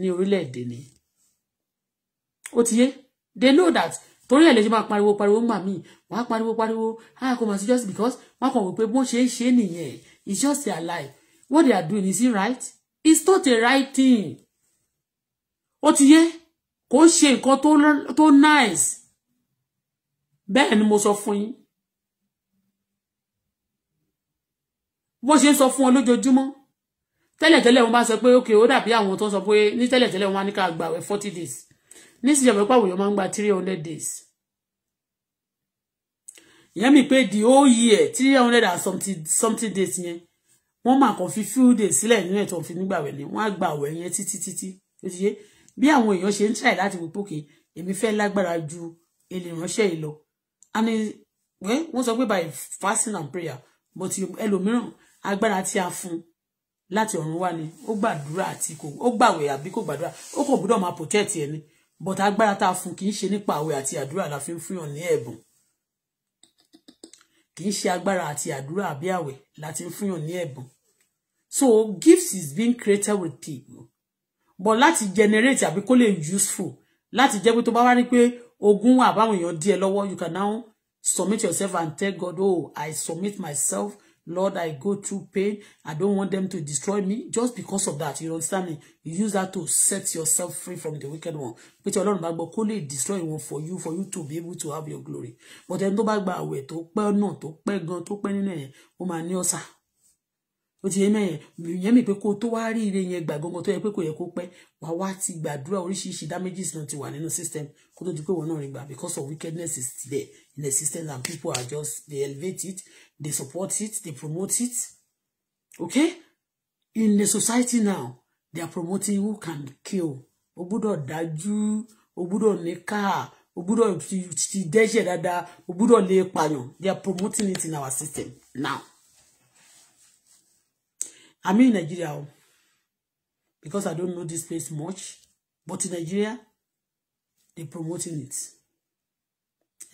ní orílẹ̀ ni ó ti they know that Tony ẹ̀ lè ṣe máa pariwo pariwo ńgbà míì wọ́n á pariwo pariwo ah kò máa just because wọ́n kàn wò pé bó ṣe ń ṣe it's just their life what they are doing is it right it's not a right thing ó ye? yé kò ṣe nǹkan nice Ben ni mo sọ fún bó ṣe ń sọ fún wọn lójoojúmọ́ tẹ́lẹ̀tẹ́lẹ̀ wọn bá sọ pé ókè ó dàbí àwọn tó ń sọ pé ní tẹ́lẹ̀tẹ́lẹ̀ wọn á ní ká gbàwẹ̀ forty days nísìnyẹ̀wò pàwọ̀ yẹn máa ń gba three hundred days ìyẹn mi pé the whole year three hundred and something something days yẹn wọ́n máa kàn fi few days sílẹ̀ nínú ẹ̀tọ́ fi nígbàwẹ̀ ni wọ́n á gbàwẹ̀ yẹn títí títí ó ti yé bí àwọn èèyàn ṣe ń try láti wò pókè èmi fẹ́ lágbára ju èlè ránṣẹ́ yìí lọ and wọ́n sọ pé by fasting and prayer but ẹlòmíràn agbára tí a fún láti ọ̀run wá ni ó gbàdúrà àti kò ó gbàwẹ̀ àbí kò gbàdúrà ó kò gbọ́dọ̀ máa protect ẹ̀ ni but agbára tá a fún kì í ṣe nípa àwẹ̀ àti àdúrà la fi ń fún yàn ní ẹ̀bùn kì í ṣe agbára àti àdúrà àbí àwẹ̀ la ti ń fún yàn ní ẹ̀bùn so gifts is being created with people but láti generate àbí kó lè useful láti jẹ́ pé tó bá wá rí pé ogún àbáwọn èèyàn díẹ̀ lọ́wọ́ you can now submit yourself and tell God oh I submit myself Lord, I go through pain. I don't want them to destroy me just because of that. You understand me? You use that to set yourself free from the wicked one. Pé tí Ọlọ́run bá gbọ́ destroy one for you for you to be able to have your glory. But then tó bá gba to, tó pẹ́ to, tó pẹ́ to, tó pẹ́ woman ẹ̀yẹn ó But ní ọ̀sà. Ó ti yẹ mẹ́yẹn ìyẹn mi pé kó tó wá rí ire yẹn gbàgbọ́ kan tó yẹ pé kò yẹ kó pẹ́ wá wá ti gbàdúrà oríṣiríṣi damages náà ti wà nínú system kó tó di pé because of wickedness is there in the system and people are just they elevate it They support it, they promote it. Okay? In the society now, they are promoting who can kill. Ó gbọ́dọ̀ dájú, ó gbọ́dọ̀ ní car, ó gbọ́dọ̀ ti dẹ́ṣẹ̀ dáadáa, ó gbọ́dọ̀ They are promoting it in our system now. I'm in Nigeria because I don't know this place much, but in Nigeria, they're promoting it,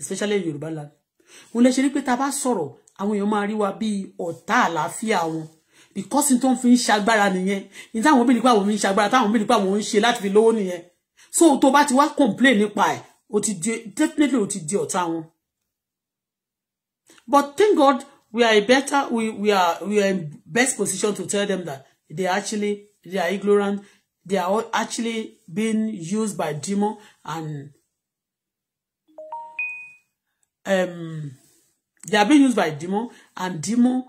especially in Yoruba land. When they ṣe ní pé ta àwọn èèyàn máa rí wa bíi ọ̀tá àlàáfíà wọn because n tó ń fi ń ṣagbára nìyẹn n táwọn bìlì pé àwọn fi ń ṣagbára táwọn bìlì pé àwọn ń ṣe láti fi lówó nìyẹn so tó bá ti wá complain nípa ẹ̀ o ti di definitely o ti di ọ̀tá wọn but thank God we are a better we we are we are in best position to tell them that they actually they are ignorant they are actually being used by demon and um they are being used by demon and demon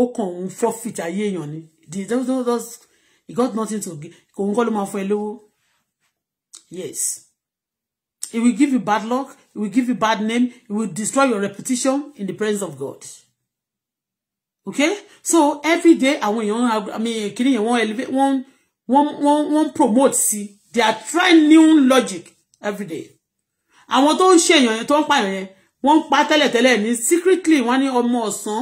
ó kàn forfeit ayé èèyàn ni the those those he got nothing to give kò ń kọ́ ló máa yes it will give you bad luck it will give you bad name it will destroy your reputation in the presence of God okay so every day I àwọn èèyàn I mean kìnìún you wọ́n elevate wọ́n wọ́n wọ́n wọ́n promote See, they are trying new logic every day àwọn tó ń ṣe your yẹn tó ń wọ́n ń pa tẹ́lẹ̀tẹ́lẹ̀ ní secretly wọ́n ní ọmọ ọ̀sán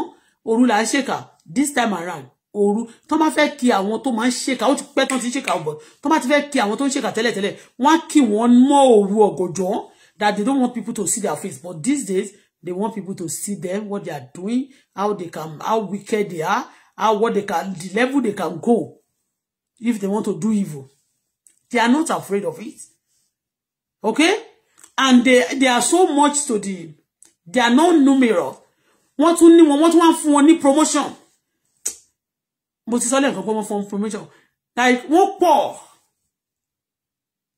òru là ń ṣèkà this time around òru tó máa fẹ́ kí àwọn tó máa ń ṣèkà ó ti pẹ́ tó ti ṣèkà ọ̀bọ̀ tó máa ti fẹ́ kí àwọn tó ń ṣèkà tẹ́lẹ̀tẹ́lẹ̀ wọ́n á kí wọ́n mọ́ òru ọ̀gọ̀jọ́ that they don't want people to see their face but these days they want people to see them what they are doing how they can how wicked they are how what they can the level they can go if they want to do evil they are not afraid of it okay and they they are so much to the they are not numerous wọ́n tún ní wọn wọ́n tún wá fún wọn ní promotion mo ti sọ lẹ́ẹ̀kan pé wọ́n fún promotion like wọ́n pọ̀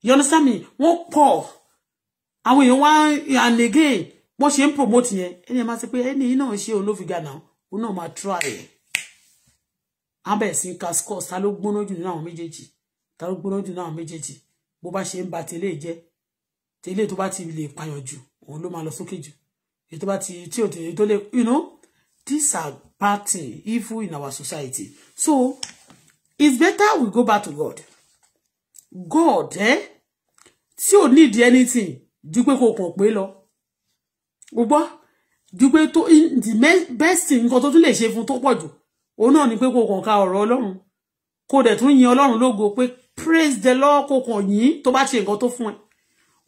you understand me wọ́n pọ̀ àwọn èèyàn wá and again wọ́n ṣe ń promote yẹn ẹni ẹ̀ máa ṣe pé ẹni yìí náà ṣe olófìgà náà òun náà máa try ẹ̀ abẹ́ sí cascos ta ló gbóná jù nínú àwọn méjèèjì ta ló gbóná jù nínú àwọn méjèèjì bó bá ṣe ń ba tẹ́lẹ̀ jẹ́ tẹ́lẹ̀ to bá ti lè payàn jù òun ló máa lọ sókè jù èyí bá ti tí ò tó lè you know these are bad things evil in our society so it's better we go back to God God eh tí ò need anything ju pé kò kàn pé lọ o gbọ́ ju pé tó the best thing nǹkan tó tún lè ṣe fún tó pọ̀ jù òun náà ni pé kò kàn ka ọ̀rọ̀ Ọlọ́run kò dẹ̀ tún yin Ọlọ́run lógo pé praise the Lord kò kàn yín tó bá ṣe nǹkan tó fún ẹ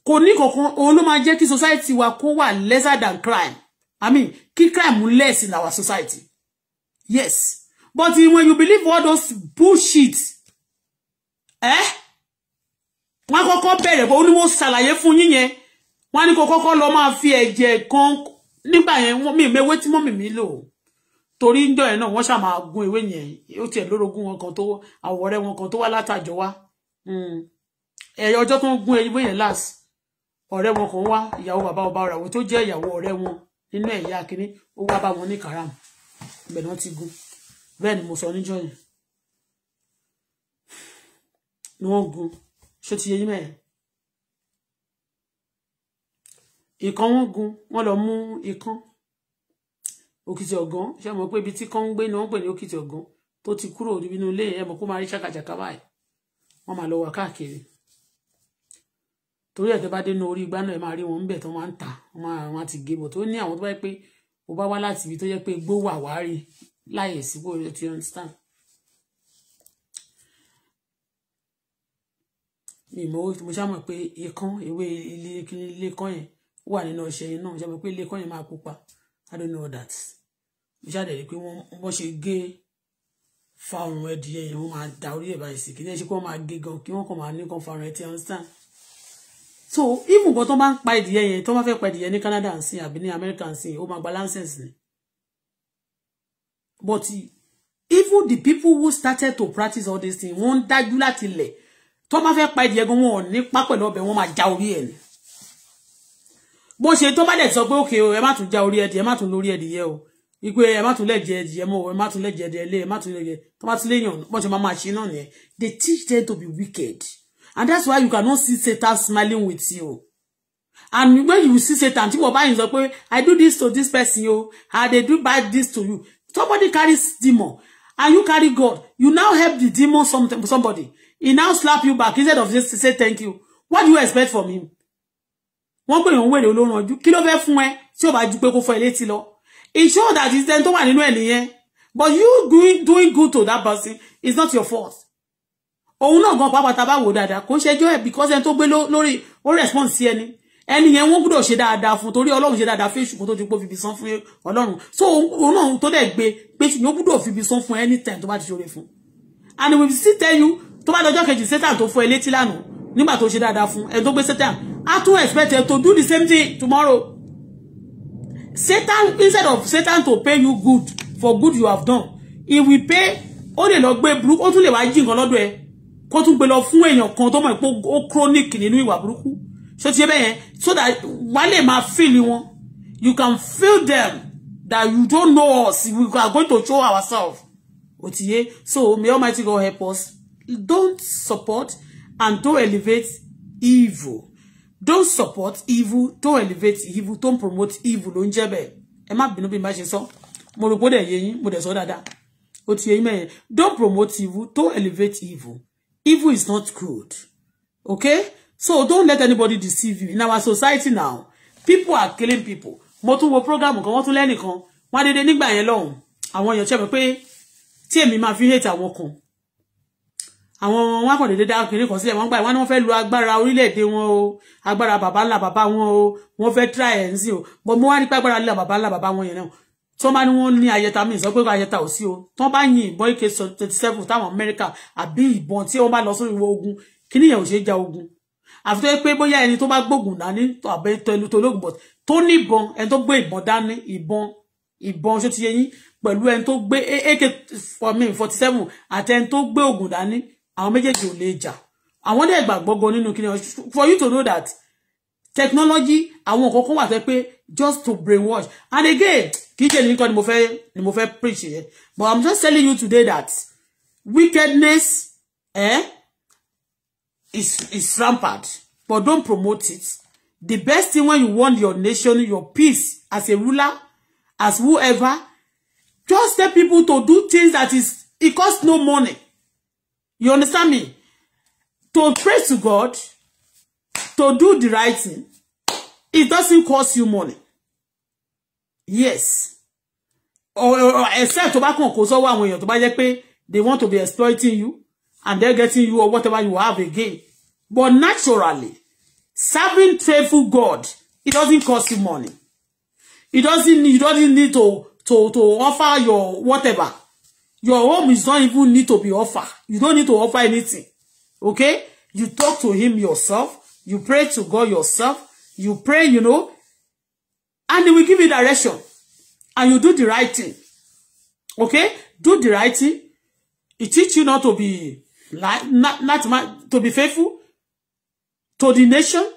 kò ní kankan òun ló máa jẹ́ kí society wa kó wà lesser than crime i mean kí crime less in our society yes but when you believe all those bullshit eh wọ́n kọ́kọ́ bẹ̀rẹ̀ bó ní mo ṣàlàyé fún yín yẹn wọ́n ní kó kọ́kọ́ lọ máa fi ẹ̀jẹ̀ kan nígbà yẹn wọ́n mi mewé tí mọ́mì mi lò torí ń jọ ẹ̀ náà wọ́n ṣàmà gun ìwé yẹn ó tiẹ̀ lórogún wọn kan tó àwọ̀ ọ̀rẹ́ wọn kan tó wá látàjọ wá hmm. ẹ̀yọ ọjọ́ tó ń gun ìwé yẹn láti ọ̀rẹ́ wọn kan wá ìyàwó bàbá ọba ọ̀ràwọ̀ tó jẹ́ ìyàwó ọ̀rẹ́ wọn nínú ẹ̀yà kínní ó wá bá wọn ní karam ibẹ̀ náà ti gún bẹ́ẹ̀ ni mo sọ níjọ́ yẹn ni wọ́n gún ṣé ti yẹ yín mẹ́ẹ̀ ìkan wọn gún wọn lọ mú ìkan òkìtì ọ̀gán ṣé mọ̀ pé ibi tí kan ń gbé ni wọ́n pè ní òkìtì ọ̀gán tó ti kúrò nínú ilé ẹ̀ mọ̀ kó máa rí ṣàkàṣàkà báyìí wọ́n máa lọ wà káàkiri torí ẹ̀ tó bá dénú orí igbá náà ẹ máa rí wọn níbẹ̀ tó máa ń tà wọn á ti gé bọ̀ tó ní àwọn tó bá yẹ pé o bá wá láti ibi tó yẹ pé gbó wà wá rí láyè sí bó ti understand. mi mọ mo ṣá mọ̀ pé èèkàn ewé ilé ilékan yẹn wà nínú ọṣẹ yẹn náà mo ṣá mọ̀ pé ilékan yẹn máa pupa I don't know that mo ṣá dẹ̀ rí pé wọ́n wọ́n ṣe gé fa ọrùn ẹdìyẹ yẹn wọ́n máa da orí ẹ̀ báyìí sí kí ní ẹ ṣe pé wọ́n máa gé gan kí wọ́n kàn máa ní kan fa ọrùn ẹ ti understand so even gan tó máa ń pa ìdíyẹ yẹn tó máa fẹ́ pa ìdíyẹ ní Canada ń sìn àbí ní America ń sìn ó máa gba license ni but even the people who started to practice all these things wọ́n dájú láti lẹ̀ tó máa fẹ́ pa ìdíyẹ gan wọn ò ní pa pẹ̀lú ọbẹ̀ wọn máa já orí ẹ̀ ni bó ṣe tó bá dẹ̀ sọ pé òkè o ẹ má tún já orí ẹdì ẹ má tún lórí ẹdì yẹ o wípé ẹ má tún lẹ́jẹ̀ ẹdì yẹ mọ́ o ẹ má tún lẹ́jẹ̀ ẹdì ẹ lé ẹ má tún lẹ́jẹ̀ tó bá tún léyàn bó ṣe máa máa ṣe náà nìyẹn they teach them to be wicked and that's why you cannot see Satan smiling with you and when you see Satan tí wọ́n bá yín sọ pé I do this to this person o how they do bad this to you somebody carries demon and you carry God you now help the demon some, somebody he now slap you back instead of just to say thank you what do you expect from him One pè yàn wèrè olórun ọdún kí ló fẹ́ fún ẹ tí ò bá ju pé kó fọ ilé it show that it's then tó wà nínú ẹ nìyẹn but you doing doing good to that person is not your fault òun náà gan pàápàá tá a bá wò dáadáa kò ń ṣẹjọ́ ẹ̀ because ẹni tó gbé lórí ó response sí ẹni ẹni yẹn wọ́n gbọ́dọ̀ ṣe dáadáa fún torí ọlọ́run ṣe dáadáa fún èṣù kó tó ti pò fìbí fún ọlọ́run so òun náà tó dẹ̀ gbé pé ṣùgbọ́n gbọ́dọ̀ fìbí san fún anytime tó bá ti ṣoore fún and we still tell you tó bá dọjọ́ kejì satan tó fún ẹ létí lánàá nígbà tó ṣe dáadáa fún ẹ tó gbé satan a tún expect to do the same thing tomorrow satan instead of satan to pay you good for good you have done he will pay ó lè lọ gbé burúkú ó tún lè wá jí nǹkan lọ́dọ̀ ẹ kó tún gbé lọ fún èèyàn kan tó mọ̀ pé ó chronic nínú ìwà burúkú ṣé ti yé bẹ́ẹ̀ so that wàá lè feel wọn you can feel them that you don't know us we are going to show ourselves otiye so may Almighty God help us don't support and don't elevate evil don't support evil don't elevate evil don't promote evil ló ń jẹ́ bẹ́ẹ̀ ẹ má bínú bí n bá mo rò pé ó dẹ̀ mo de sọ dáadáa ó ti don't promote evil don't elevate evil Evil is not good. Okay? So don't let anybody deceive you. In our society now, people are killing people. Motu wo program kan, wọ́n tún lẹ́nìkan. Wọ́n dédé nígbà yẹn lọ́hùn. Àwọn èèyàn ṣẹ́mi pé tí èmi máa fi hate àwọn kan. Àwọn wọn kàn dédé dá kiri kan sílẹ̀. Wọ́n gbà wọ́n ní wọ́n fẹ́ lo agbára orílẹ̀ o. Agbára bàbá ńlá bàbá wọn o. Wọ́n fẹ́ try ẹ̀ o. Bọ̀ mo wá ní pé agbára ńlá bàbá ńlá bàbá wọn yẹn náà tó bá ní wọ́n ní ayẹta mi sọ pé ayẹta ò sí o tó bá yin ìbọn ak twenty seven táwọn amẹ́ríkà àbí ìbọn tí wọ́n bá lọ sórí ìwọ ogun kíní yẹn ò ṣe é ja ogun àfi tó yẹ pé bóyá ẹni tó bá gbógun dání àbẹ tẹlu tó lóògùn bọ tó ní ìbọn ẹni tó gbé ìbọn dání ìbọn ìbọn ṣó ti yẹ yín pẹ̀lú ẹni tó gbé ak forty seven àti ẹni tó gbé ògùn dání àwọn méjèèjì ò lè jà àwọn dẹ̀ gbàgbọ́ gan nínú kíní for you to know that technology àwọn nǹkan kan wà tó pé just to brainwash and again kì í ṣe nìkan ni mo fẹ́ ni mo fẹ́ preach yẹn but i'm just telling you today that wickedness eh, is is rampant but don't promote it the best thing when you want your nation your peace as a ruler as whoever just tell people to do things that is it costs no money you understand me to pray to God to do the right thing, it doesn't cost you money. Yes. Or, or except tó bá kàn kó sọ́wọ́ àwọn èèyàn tó bá jẹ́ pé they want to be exploiting you and they're getting you or whatever you have again. But naturally, serving faithful God, it doesn't cost you money. It doesn't you doesn't need to to to offer your whatever. Your home is not even need to be offered. You don't need to offer anything. Okay? You talk to him yourself. You pray to God yourself. You pray, you know, and He will give you direction. And you do the right thing. Okay? Do the right thing. He teach you not to be like not, not to be faithful to the nation.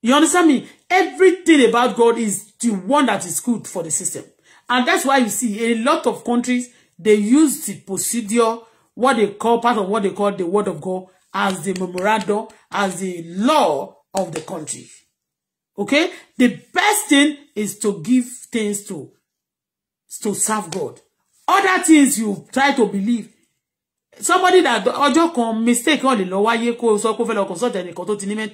You understand me? Everything about God is the one that is good for the system. And that's why you see a lot of countries, they use the procedure, what they call, part of what they call the word of God, as the memorandum, as the law of the country. Okay? The best thing is to give things to, to serve God. Other things you try to believe. Somebody that Ojo kan mistake on the lọ wáyé kó sọ kó fẹ́ lọ consult ẹnìkan tó ti ní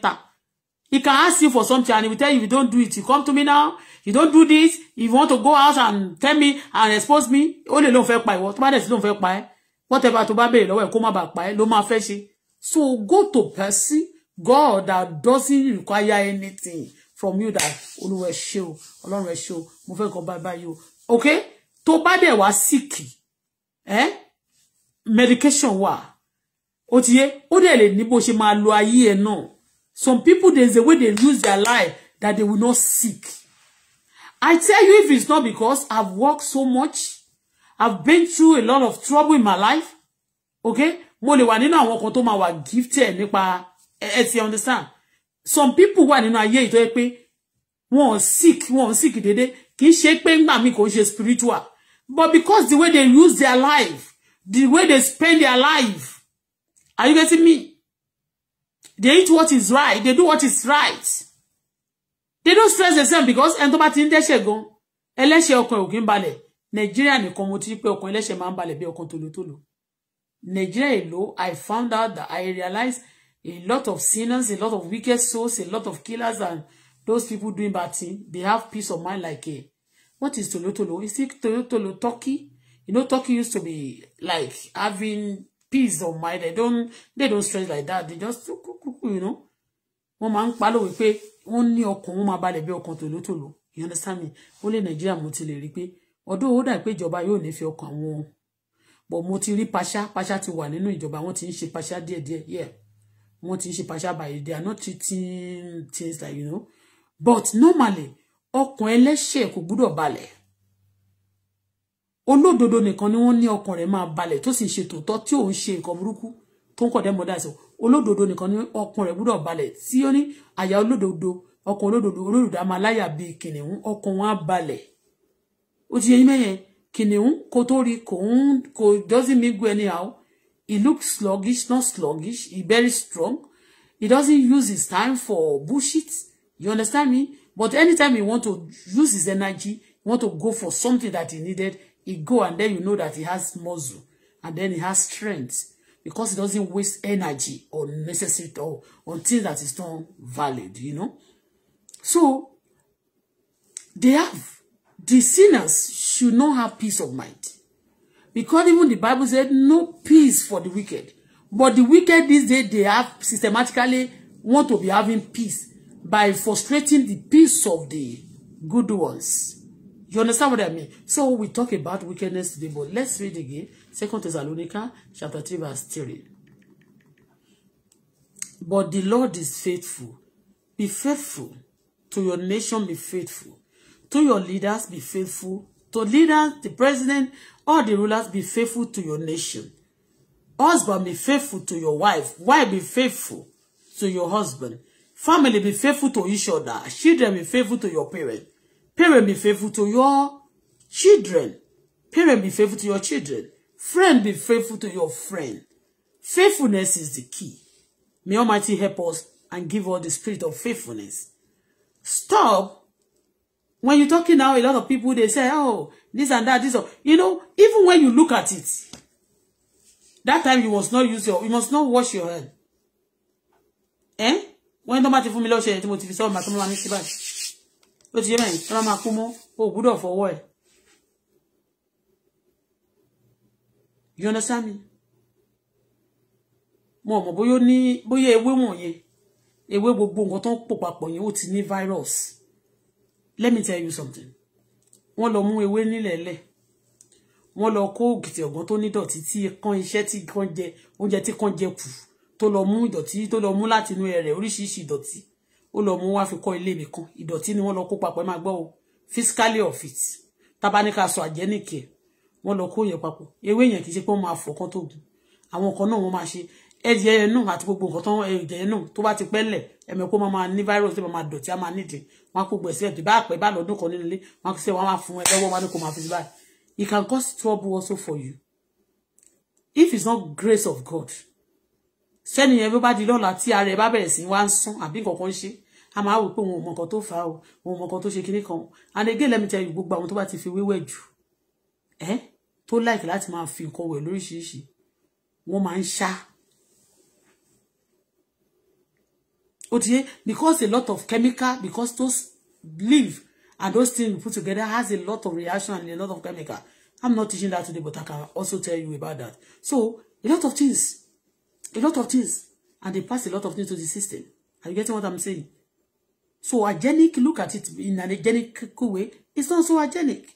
He can ask you for something and he will tell you, if you don't do it, you come to me now. You don't do this. If you want to go out and tell me and expose me, only lè lóun fẹ́ pa ìwọ. Tó bá Whatever to babe béèrè lọ́wọ́ ẹ̀ kó má bàa pa ẹ́ So go to person, God that doesn't require anything from you that Olúwa show ṣé Show Ọlọ́run ẹ ṣé o, mo fẹ́ kàn bye bye o. Okay? To bá dẹ̀ wá sick, eh? Medication wà. Ó ti yé, ó dẹ̀ lè ní bó ṣe máa lo ayé ẹ̀ náà. Some people there's a way they use their life that they will not seek. I tell you if it's not because I've worked so much, I've been through a lot of trouble in my life, okay? mo lè wà nínú àwọn kan tó máa wà gifted nipa. ẹ ti understand some people wà nínú ayé ìtọ́ ẹ pé wọn ò sick wọn ò sick déédéé kì í ṣe pé ńgbà mi kò ń spiritual but because the way they use their life the way they spend their life are you getting me they eat what is right they do what is right they don't stress themselves because ẹni tó bá ti ń dẹ́ṣẹ̀ gan ẹlẹ́ṣẹ̀ ọkàn ò kí ń balẹ̀ nàìjíríà ti rí pé ọkàn ẹlẹ́ṣẹ̀ máa ń balẹ̀ bí ọkàn Nigeria alone, I found out that I realized a lot of sinners, a lot of wicked souls, a lot of killers, and those people doing bad things. They have peace of mind like a. What is tolotolo? Is it tolotolo Turkey? You know, Turkey used to be like having peace of mind. They don't, they don't stress like that. They just, you know. Wọ́n máa ń pa lówe pé wọ́n ní ọkàn wọ́n máa balẹ̀ You understand me? Only Nigeria Nàìjíríà mo ti lè rí pé ọdún owó dà pé ìjọba but mo ti rí pasha pasha ti wà nínú ìjọba wọ́n ti ń ṣe pasha díẹ̀díẹ̀ yeah wọ́n ti ń ṣe pasha by they are not treating things like you know but normally ọkàn ẹlẹ́ṣẹ̀ kò gbúdọ̀ balẹ̀ olódodo nìkan ni wọ́n ní ọkàn rẹ̀ máa balẹ̀ tó sì ń ṣe tòótọ́ tí òun ṣe nǹkan burúkú tó ń kọ̀ dẹ́mọ̀ dáṣọ olódodo nìkan ni ọkàn rẹ̀ gbúdọ̀ balẹ̀ tí ó ní àyà olódodo ọkàn olódodo olódodo a máa láyà bíi kìnìún ọkàn wọn á balẹ̀ ó ti yẹ yín mẹ́yẹn kìnìún kò tó rí kò ń kò doesn't mingle anyhow he looks sluggish not sluggish he very strong he doesn't use his time for bullshit you understand me but anytime he want to use his energy he want to go for something that he needed he go and then you know that he has muscle and then he has strength because he doesn't waste energy or necessary or on things that is not valid you know so they have the sinners should not have peace of mind. Because even the Bible said, no peace for the wicked. But the wicked these days, they have systematically want to be having peace by frustrating the peace of the good ones. You understand what I mean? So we talk about wickedness today, but let's read again. Second Thessalonians chapter 3, verse 3. But the Lord is faithful. Be faithful to your nation, be faithful to your leaders be faithful to leaders the president all the rulers be faithful to your nation husband be faithful to your wife wife be faithful to your husband family be faithful to each other children be faithful to your parents parents be faithful to your children parents be faithful to your children friend be faithful to your friend faithfulness is the key may Almighty help us and give us the spirit of faithfulness stop when you're talking now, a lot of people, they say, oh, this and that, this. Or, you know, even when you look at it, that time you must not use your, you must not wash your head. Eh? When don't matter for me, Lord, she you ti fi sọ ma tomo what? mi you ba. Ó ti yé mi, ora ma ku mo, o gbọ́dọ̀ fọwọ́ ẹ. You understand me? Mo mọ̀ boyo ni boye ewé wọ̀nyẹn. Ewé gbogbo nǹkan ton pò papọ̀ yẹn ó ti ní virus let me tell you something wọ́n lọ mú ewé nílẹ̀ lẹ̀ wọ́n lọ kó òkìtì ọ̀gbọ́n tó ní dọ̀tí tí kan iṣẹ́ tí kan jẹ oúnjẹ tí kan jẹ kù tó lọ mú ìdọ̀tí tó lọ mú láti inú ẹrẹ̀ oríṣiríṣi ìdọ̀tí ó lọ mú wá fi kọ́ ilé mi kan ìdọ̀tí ni wọ́n lọ kó papọ̀ ẹ máa gbọ́ o physically of it tabaníkà sọ àjẹnìkì ẹ̀ wọ́n lọ kó yẹn papọ̀ ewé yẹn kì í ṣe pé wọ́n máa fọ̀ kán tó gùn àwọn kan náà wọ́n máa ṣe ẹ̀jẹ̀ yẹn náà àti gbogbo nǹkan tán ẹ̀jẹ̀ yẹn náà tó bá ti pẹ́ lẹ̀ ẹ̀mẹ̀kó máa ní virus tó máa dọ̀tí á máa nídìí wọn kò gbèsè ẹ̀dùn bá pẹ́ bá lọ́dún kan nínú ilé wọn kò sẹ́ wọn máa fún ẹ lọ́wọ́ wọn ni kò máa fi sí báyìí it can cause trouble also for you if it's not grace of God sẹ́ni yẹn bí ó bá di lọ́la tí ara ẹ̀ bá bẹ̀rẹ̀ sí wá ń sán àbí nǹkan ṣe a máa wò pé òun ò mọ nǹkan tó fà á o òun ò mọ nǹkan tó ṣe kinní kan o and again let me tell you gbogbo àwọn tó bá ti fi wéwẹ̀ jù ẹ́ tó láìkì láti máa fi nǹkan wẹ̀ lóríṣiríṣi wọ́n máa ń ṣá okay because a lot of chemical because those leaf and those things put together has a lot of reaction and a lot of chemical i'm not teaching that today but i can also tell you about that so a lot of things a lot of things and they pass a lot of things to the system are you getting what i'm saying so agenic look at it in an agenic way it's not so agenic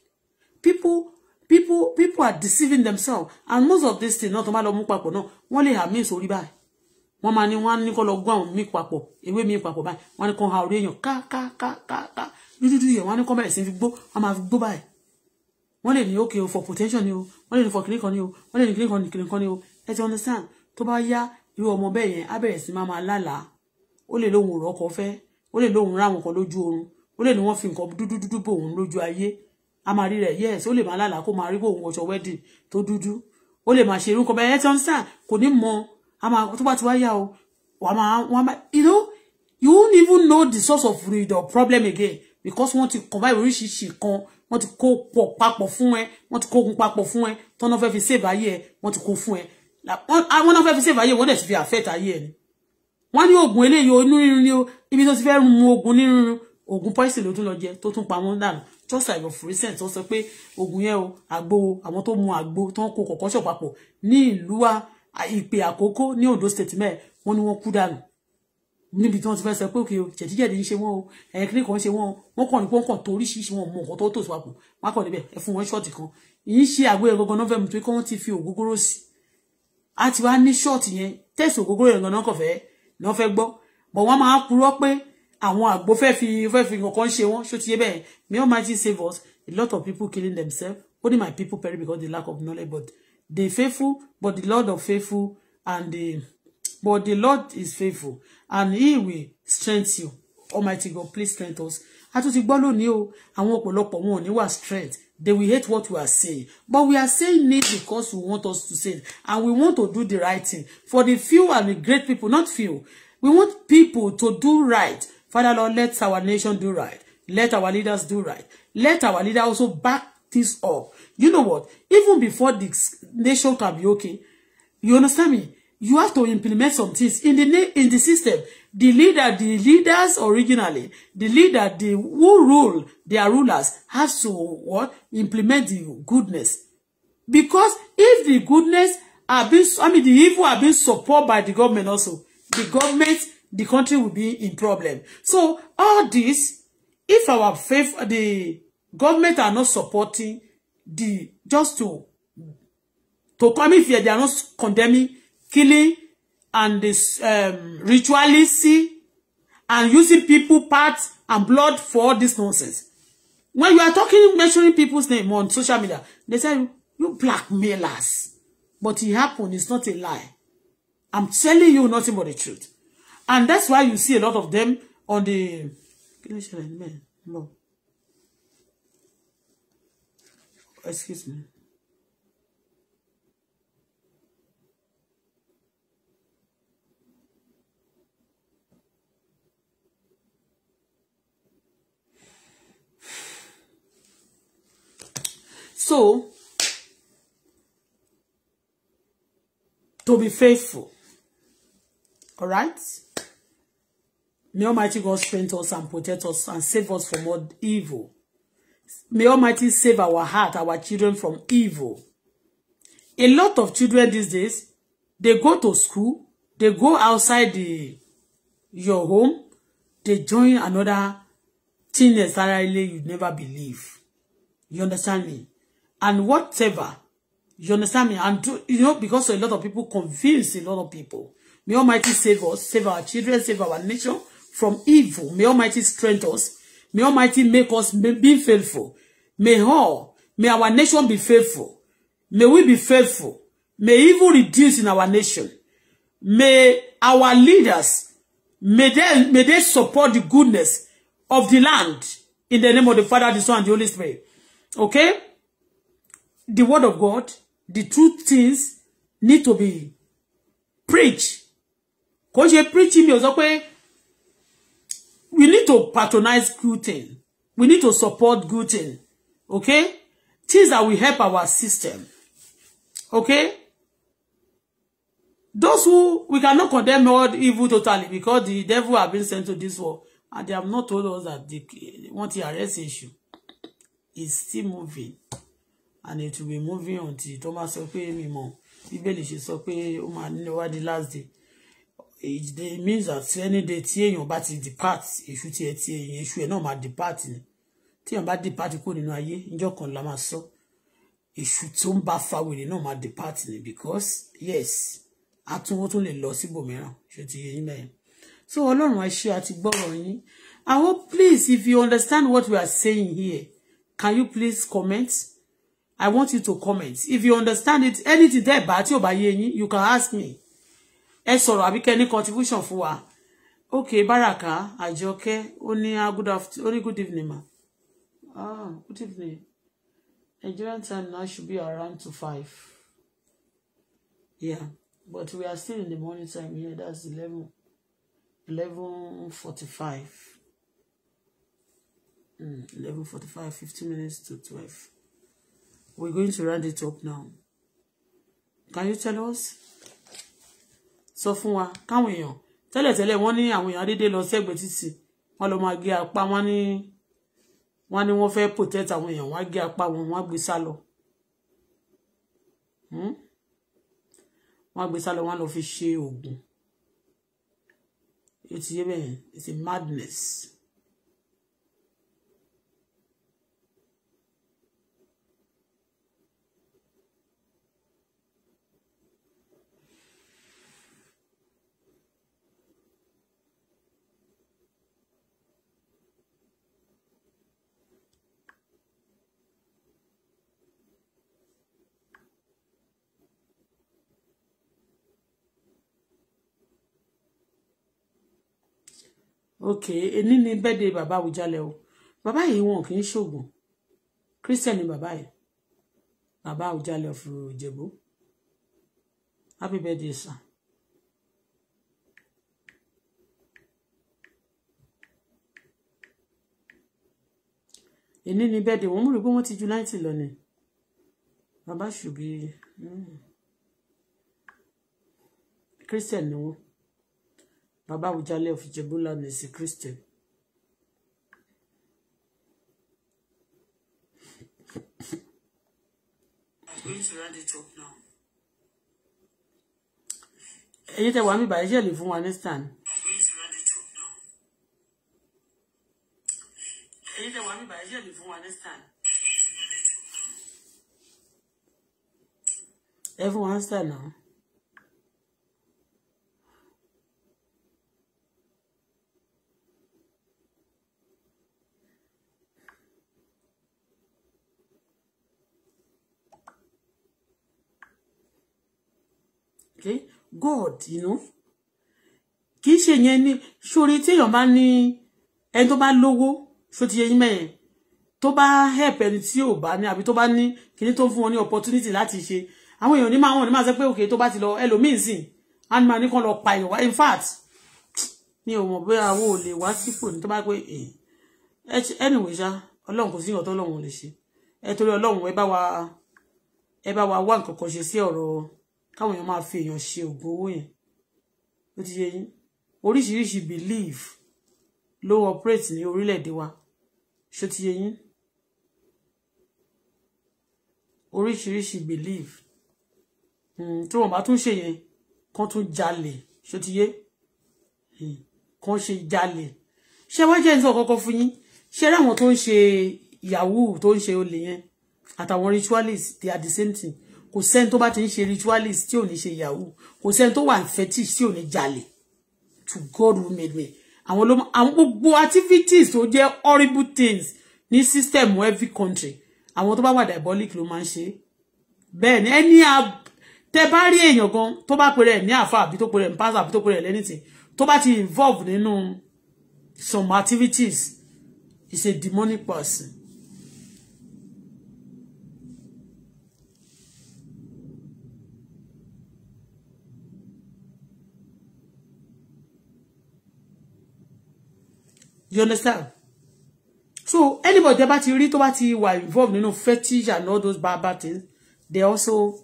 people people people are deceiving themselves and most of this thing náà tó máa lọ mú papọ̀ náà wọ́n wọ́n máa ní wọ́n ní kó lọ gún àwọn míì papọ̀ ewé míì papọ̀ báyìí wọ́n ní kó ha orí èèyàn ká ká ká ká ká dúdúdú yẹn wọ́n ní kó bẹ̀rẹ̀ sí fi gbó wọ́n máa fi gbó báyìí wọ́n lè ní okay o for potential ni o wọ́n lè ní for kiri kan ni o wọ́n lè ní kiri kan ni ni o ẹ ti understand tó bá yá irú ọmọ bẹ́ẹ̀ yẹn á bẹ̀rẹ̀ sí máa máa lálàá ó lè lóhun ọ̀rọ̀ kan fẹ́ ó lè lóhun ráwọn kan lójú oorun ó lè ní wọ́n fi nǹkan dúdú dúdú bò òun lójú ayé a máa rí rẹ̀ yes ó lè máa lálàá kó máa rí bò òun ọ̀ṣọ́ wedding tó dúdú ó lè máa ṣe irú kan bẹ́ẹ̀ ẹ ti understand kò ní mọ a máa tó bá ti wá yá o wà máa wọ́n máa you know you won't even know the source of the problem again because wọ́n ti combine báyìí oríṣiríṣi kan wọ́n ti kó pọ̀ papọ̀ fún ẹ wọ́n ti kó ogun papọ̀ fún ẹ tọ́nà fẹ́ fi save ayé ẹ wọ́n ti kó fún ẹ àwọn náà fẹ́ fi save ayé wọ́n dẹ̀ ti fi affect ayé ẹ ni wọ́n ní oògùn eléyìí onú irun ni o ibi tó ti fẹ́ mu oògùn nírun oògùn poison ló tún lọ jẹ tó tún pa wọ́n dànù just like of recent tó sọ pé oògùn yẹn o àgbo àwọn tó mu àgbo tó ń kó kọ̀kọ́ṣọ̀ papọ̀ ní ìlú wa ìpè àkókò ní Ondo state mẹ́ẹ̀ wọ́n ní wọ́n kú dànù níbi tí wọ́n ti fẹ́ sọ pé òkè o jẹ̀díjẹ̀dí ń ṣe wọ́n o ẹ̀yìn kiri kan ṣe wọ́n o wọ́n kàn ní wọ́n kàn tó oríṣiríṣi wọn mọ nǹkan tó tò sọ́pọ̀ wọ́n kàn níbẹ̀ ẹ fún wọn ṣọ́ọ̀tì kan yìí ṣe àgbo yẹn gangan náà fẹ́ mu tó kí wọ́n ti fi ògógóró sí a ti wá ní ṣọ́ọ̀tì yẹn tẹ̀sí ògógóró yẹn gangan kàn fẹ́ náà fẹ́ gbọ́ bọ̀ wọ́n máa purọ́ pé àwọn àgbo fẹ́ fi fẹ́ fi nǹkan ṣe wọ́n ṣó ti yé bẹ́ẹ̀ may Almighty save us a lot of people killing themselves only my people perish because they lack of knowledge but the faithful, but the Lord of faithful and the but the Lord is faithful and he will strengthen you. Almighty God, please strengthen us. A tún ti gbọ́ lónìí o, àwọn ọ̀pọ̀lọpọ̀ wọn ò ní wà strength. They will hate what we are saying. But we are saying it because we want us to say it. And we want to do the right thing. For the few and the great people, not few. We want people to do right. Father Lord, let our nation do right. Let our leaders do right. Let our leader also back this up. You know what? Even before the nation can be okay, you understand me? You have to implement some things in the in the system. The leader, the leaders originally, the leader, the who rule their rulers has to what implement the goodness. Because if the goodness are being, I mean, the evil are being supported by the government also. The government, the country will be in problem. So all this, if our faith, the government are not supporting the just to to come fear they are not condemning killing and this um, ritualistic and using people parts and blood for all this nonsense when you are talking mentioning people's name on social media they say you, you blackmailers but it happened it's not a lie I'm telling you nothing but the truth and that's why you see a lot of them on the no excuse me. So, to be faithful, all right? May Almighty God strengthen us and protect us and save us from all evil. May Almighty save our heart, our children from evil. A lot of children these days, they go to school, they go outside the, your home, they join another thing necessarily you never believe. You understand me? And whatever, you understand me? And do, you know, because a lot of people convince a lot of people. May Almighty save us, save our children, save our nation from evil. May Almighty strengthen us May Almighty make us be faithful. May all, may our nation be faithful. May we be faithful. May evil reduce in our nation. May our leaders, may they, may they support the goodness of the land in the name of the Father, the Son, and the Holy Spirit. Okay? The word of God, the true things need to be preached. Kò ṣe preaching mi ò sọ we need to patronize good things. We need to support good things, Okay? Things that will help our system. Okay? Those who, we cannot condemn all evil totally because the devil have been sent to this world and they have not told us that the, what the arrest issue is still moving and it will be moving until Thomas bá sọ pé mímọ bíbélì ṣe the last day it means that any day tí èèyàn bá ti depart èṣù tiẹ̀ tí èèyàn èṣù ẹ̀ náà máa depart ni tí èèyàn bá depart kó nínú ayé níjọ́ kan la máa sọ èṣù tó ń fa wèrè náà máa depart ni because yes atúnwó tún lè lọ síbòmíràn ṣé ti yé yín so ọlọ́run ẹ ṣé àti gbọ́rọ̀ yín I hope please if you understand what we are saying here can you please comment I want you to comment if you understand it anything tẹ́ ẹ̀ bá tí ò bá yé you can ask me ẹ sọ̀rọ̀ àbí kẹ́ ní contribution fún wa okay baraka àjọkẹ́ ó ní ah, good afternoon ó ní good evening ma ah good evening Nigerian time now should be around to five yeah but we are still in the morning time here that's eleven eleven forty-five hmm, eleven forty-five fifteen minutes to twelve we're going to round it up now can you tell us sọ fún wa káwọn èèyàn tẹ́lẹ̀tẹ́lẹ̀ wọ́n ní àwọn èèyàn dédé lọ sẹ́gbẹ̀ẹ́ títì wọ́n lọ máa gé apá wọn ní wọ́n ní wọ́n fẹ́ protect àwọn èèyàn wọ́n á gé apá wọn wọ́n á gbé sá lọ hmm? wọ́n á gbé sá lọ wọ́n á lọ fi ṣe oògùn ètò yẹ bẹ́ẹ̀ it's a madness. ok èní ni bẹ́ẹ̀dẹ̀ bàbá Àwùjalẹ̀ o bàbá yìí wọn kì í ṣoògùn christian ni bàbá yìí bàbá Àwùjalẹ̀ of Ìjẹ̀bú happy birthday sir. èní ni bẹ́ẹ̀dẹ̀ wọ́n mú rí pé wọ́n ti ju láìtì lọ ni bàbá ṣùgbọ́n hmm. christian ni wọ́n. Baba Awujale of Ijebuland is a Christian. I'm going to round it up now. Èyí tẹ́ wà mí bàyẹ̀ ṣe lè fún wa ní stand. Èyí tẹ́ wà mí bàyẹ̀ Everyone understand now. God you know kì í ṣe yẹn ní sórí téèyàn bá ní ẹni tó bá lówó ṣó ti yẹ yín mẹ́yẹn tó bá help ẹni tí ò bá ní àbí tó bá ní kíní tó ń fún wọn ní opportunity láti ṣe àwọn èèyàn ní máa wọn ní máa sọ pé òkè tó bá ti lọ ẹlòmíín sìn á ní kàn lọ pa èèyàn wá in fact mi ò mọ̀ bóyá owó ò lè wá sípò ní tó bá pé eh, anyway ṣá ọlọ́run kò sí ìyàn tó ọlọ́run ò lè ṣe ẹ torí ọlọ́run ẹ bá wa ẹ bá wa wá nǹkan kan ṣe sí ọ̀rọ̀ káwọn èèyàn máa fi èèyàn ṣe ògùn owó yẹn ó ti yẹ yín oríṣiríṣi belief ló operate ní orílẹ̀-èdè wa ṣó ti yẹ yín oríṣiríṣi belief hmm, tí wọn bá tún ṣe yẹn kán tún jalè ṣó ti yé hmm, kán ṣe jalè ṣé wọ́n jẹ́ nítorí kọ́kọ́ fún yín ṣé ráwọn tó ń ṣe yahoo tó ń ṣe olè yẹn àtàwọn ritualists they are the same thing kò sẹ́ni tó bá ti ń ṣe ritualist tí ò ní ṣe yahoo kò sẹ́ni tó wà fetish tí ò ní jalè to God who made me àwọn ló àwọn gbogbo activities tó jẹ́ horrible things ní system every country àwọn tó bá wà diabolic ló máa ń ṣe bẹ́ẹ̀ ni ẹni tẹ bá rí èèyàn gan tó bá pèrè ní àfa àbí tó pèrè ní pásítọ̀ àbí tó pèrè lẹ́nìtì tó bá ti involve nínú some activities is a demonic person you understand so anybody tẹ́ you, ti rí tó bá ti wà involved fetish and all those bad bad things they also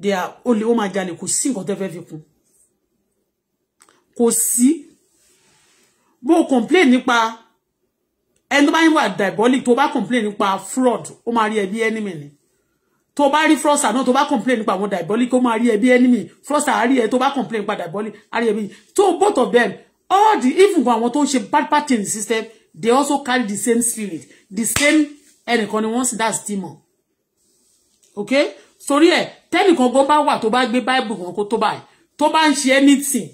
they are only lè ó máa jalè kò sí nǹkan tẹ́ fẹ́ fi kún kò sí bó complain nípa ẹni tó bá diabolic To bá complain nípa fraud ó máa rí ẹbí enemy ni tó bá rí frosta náà tó bá complain nípa àwọn diabolic ó máa rí ẹbí enemy frosta á rí to tó complain nípa diabolic á rí ẹbí tó both of them all the even àwọn tó ń ṣe bad bad in the system they also carry the same spirit the same ẹnìkan ni wọ́n sì that's demon okay sórí Tell tẹ́nìkan gbọ́ bá wà tó bá gbé bible kan to buy. To buy bá anything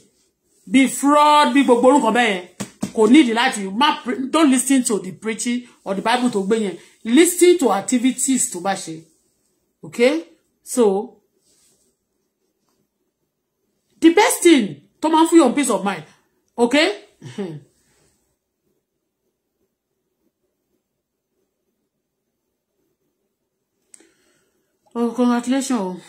Be fraud Be gbogbo orúkọ bẹ́ẹ̀ yẹn the light. láti má don't listen to the preaching or the bible to gbé yẹn listen to activities to bá okay so the best thing tó máa ń fún peace of mind Okay? oh, congratulations.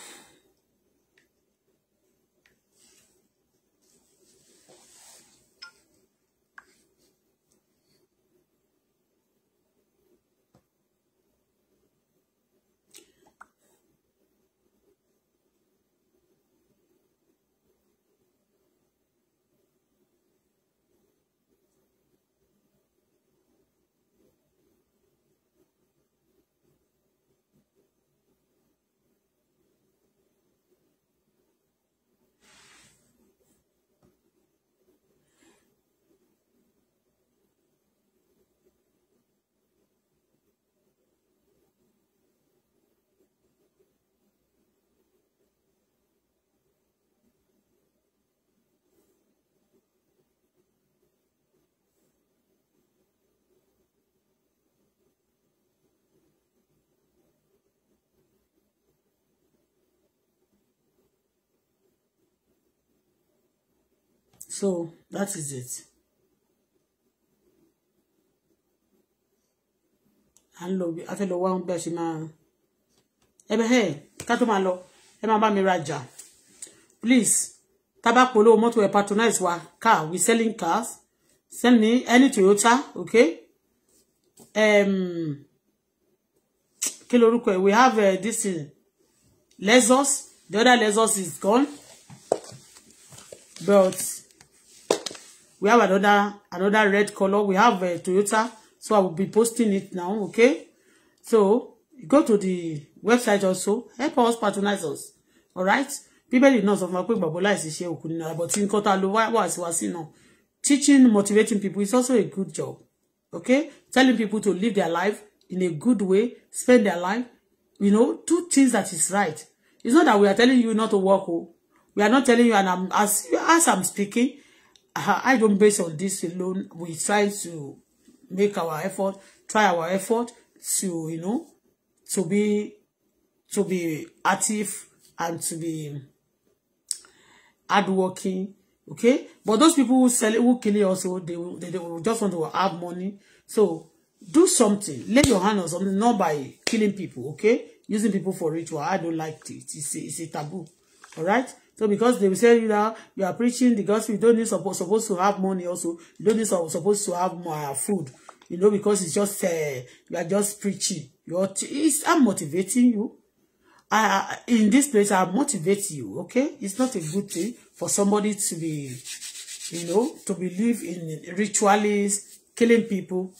So that is it. Hello, ń lọ bí a fẹ́ lọ wá ń bẹ́ẹ̀ ṣe máa ẹbẹ̀ please tábà polówó mọ́tò ẹ̀ patronize wa car we selling cars send me any Toyota okay um, kí lorúkọ we have uh, this uh, Lexus the other Lexus is gone but we have another another red color we have a uh, Toyota so I will be posting it now okay so go to the website also help us patronize us all right people, náà sọ fún wa pé gbàgbọ́ láìsí ṣe òkú nínú but in tá a was wá sí wa teaching motivating people is also a good job okay telling people to live their life in a good way spend their life you know do things that is right it's not that we are telling you not to work o oh. we are not telling you and I'm, as as I'm speaking I don't base on this alone. We try to make our effort, try our effort to, you know, to be to be active and to be hardworking. Okay, but those people who sell it, who kill it also, they they, they will just want to have money. So do something. Lay your hand on something, not by killing people. Okay, using people for ritual. I don't like it. It's a, it's a taboo. All right. So because they will say you know you are preaching the gospel, you don't need suppose supposed to have money also. You don't need supposed to have more uh, food. You know because it's just uh, you are just preaching. You're it's, I'm motivating you. I in this place I motivate you. Okay, it's not a good thing for somebody to be, you know, to believe in rituals, killing people.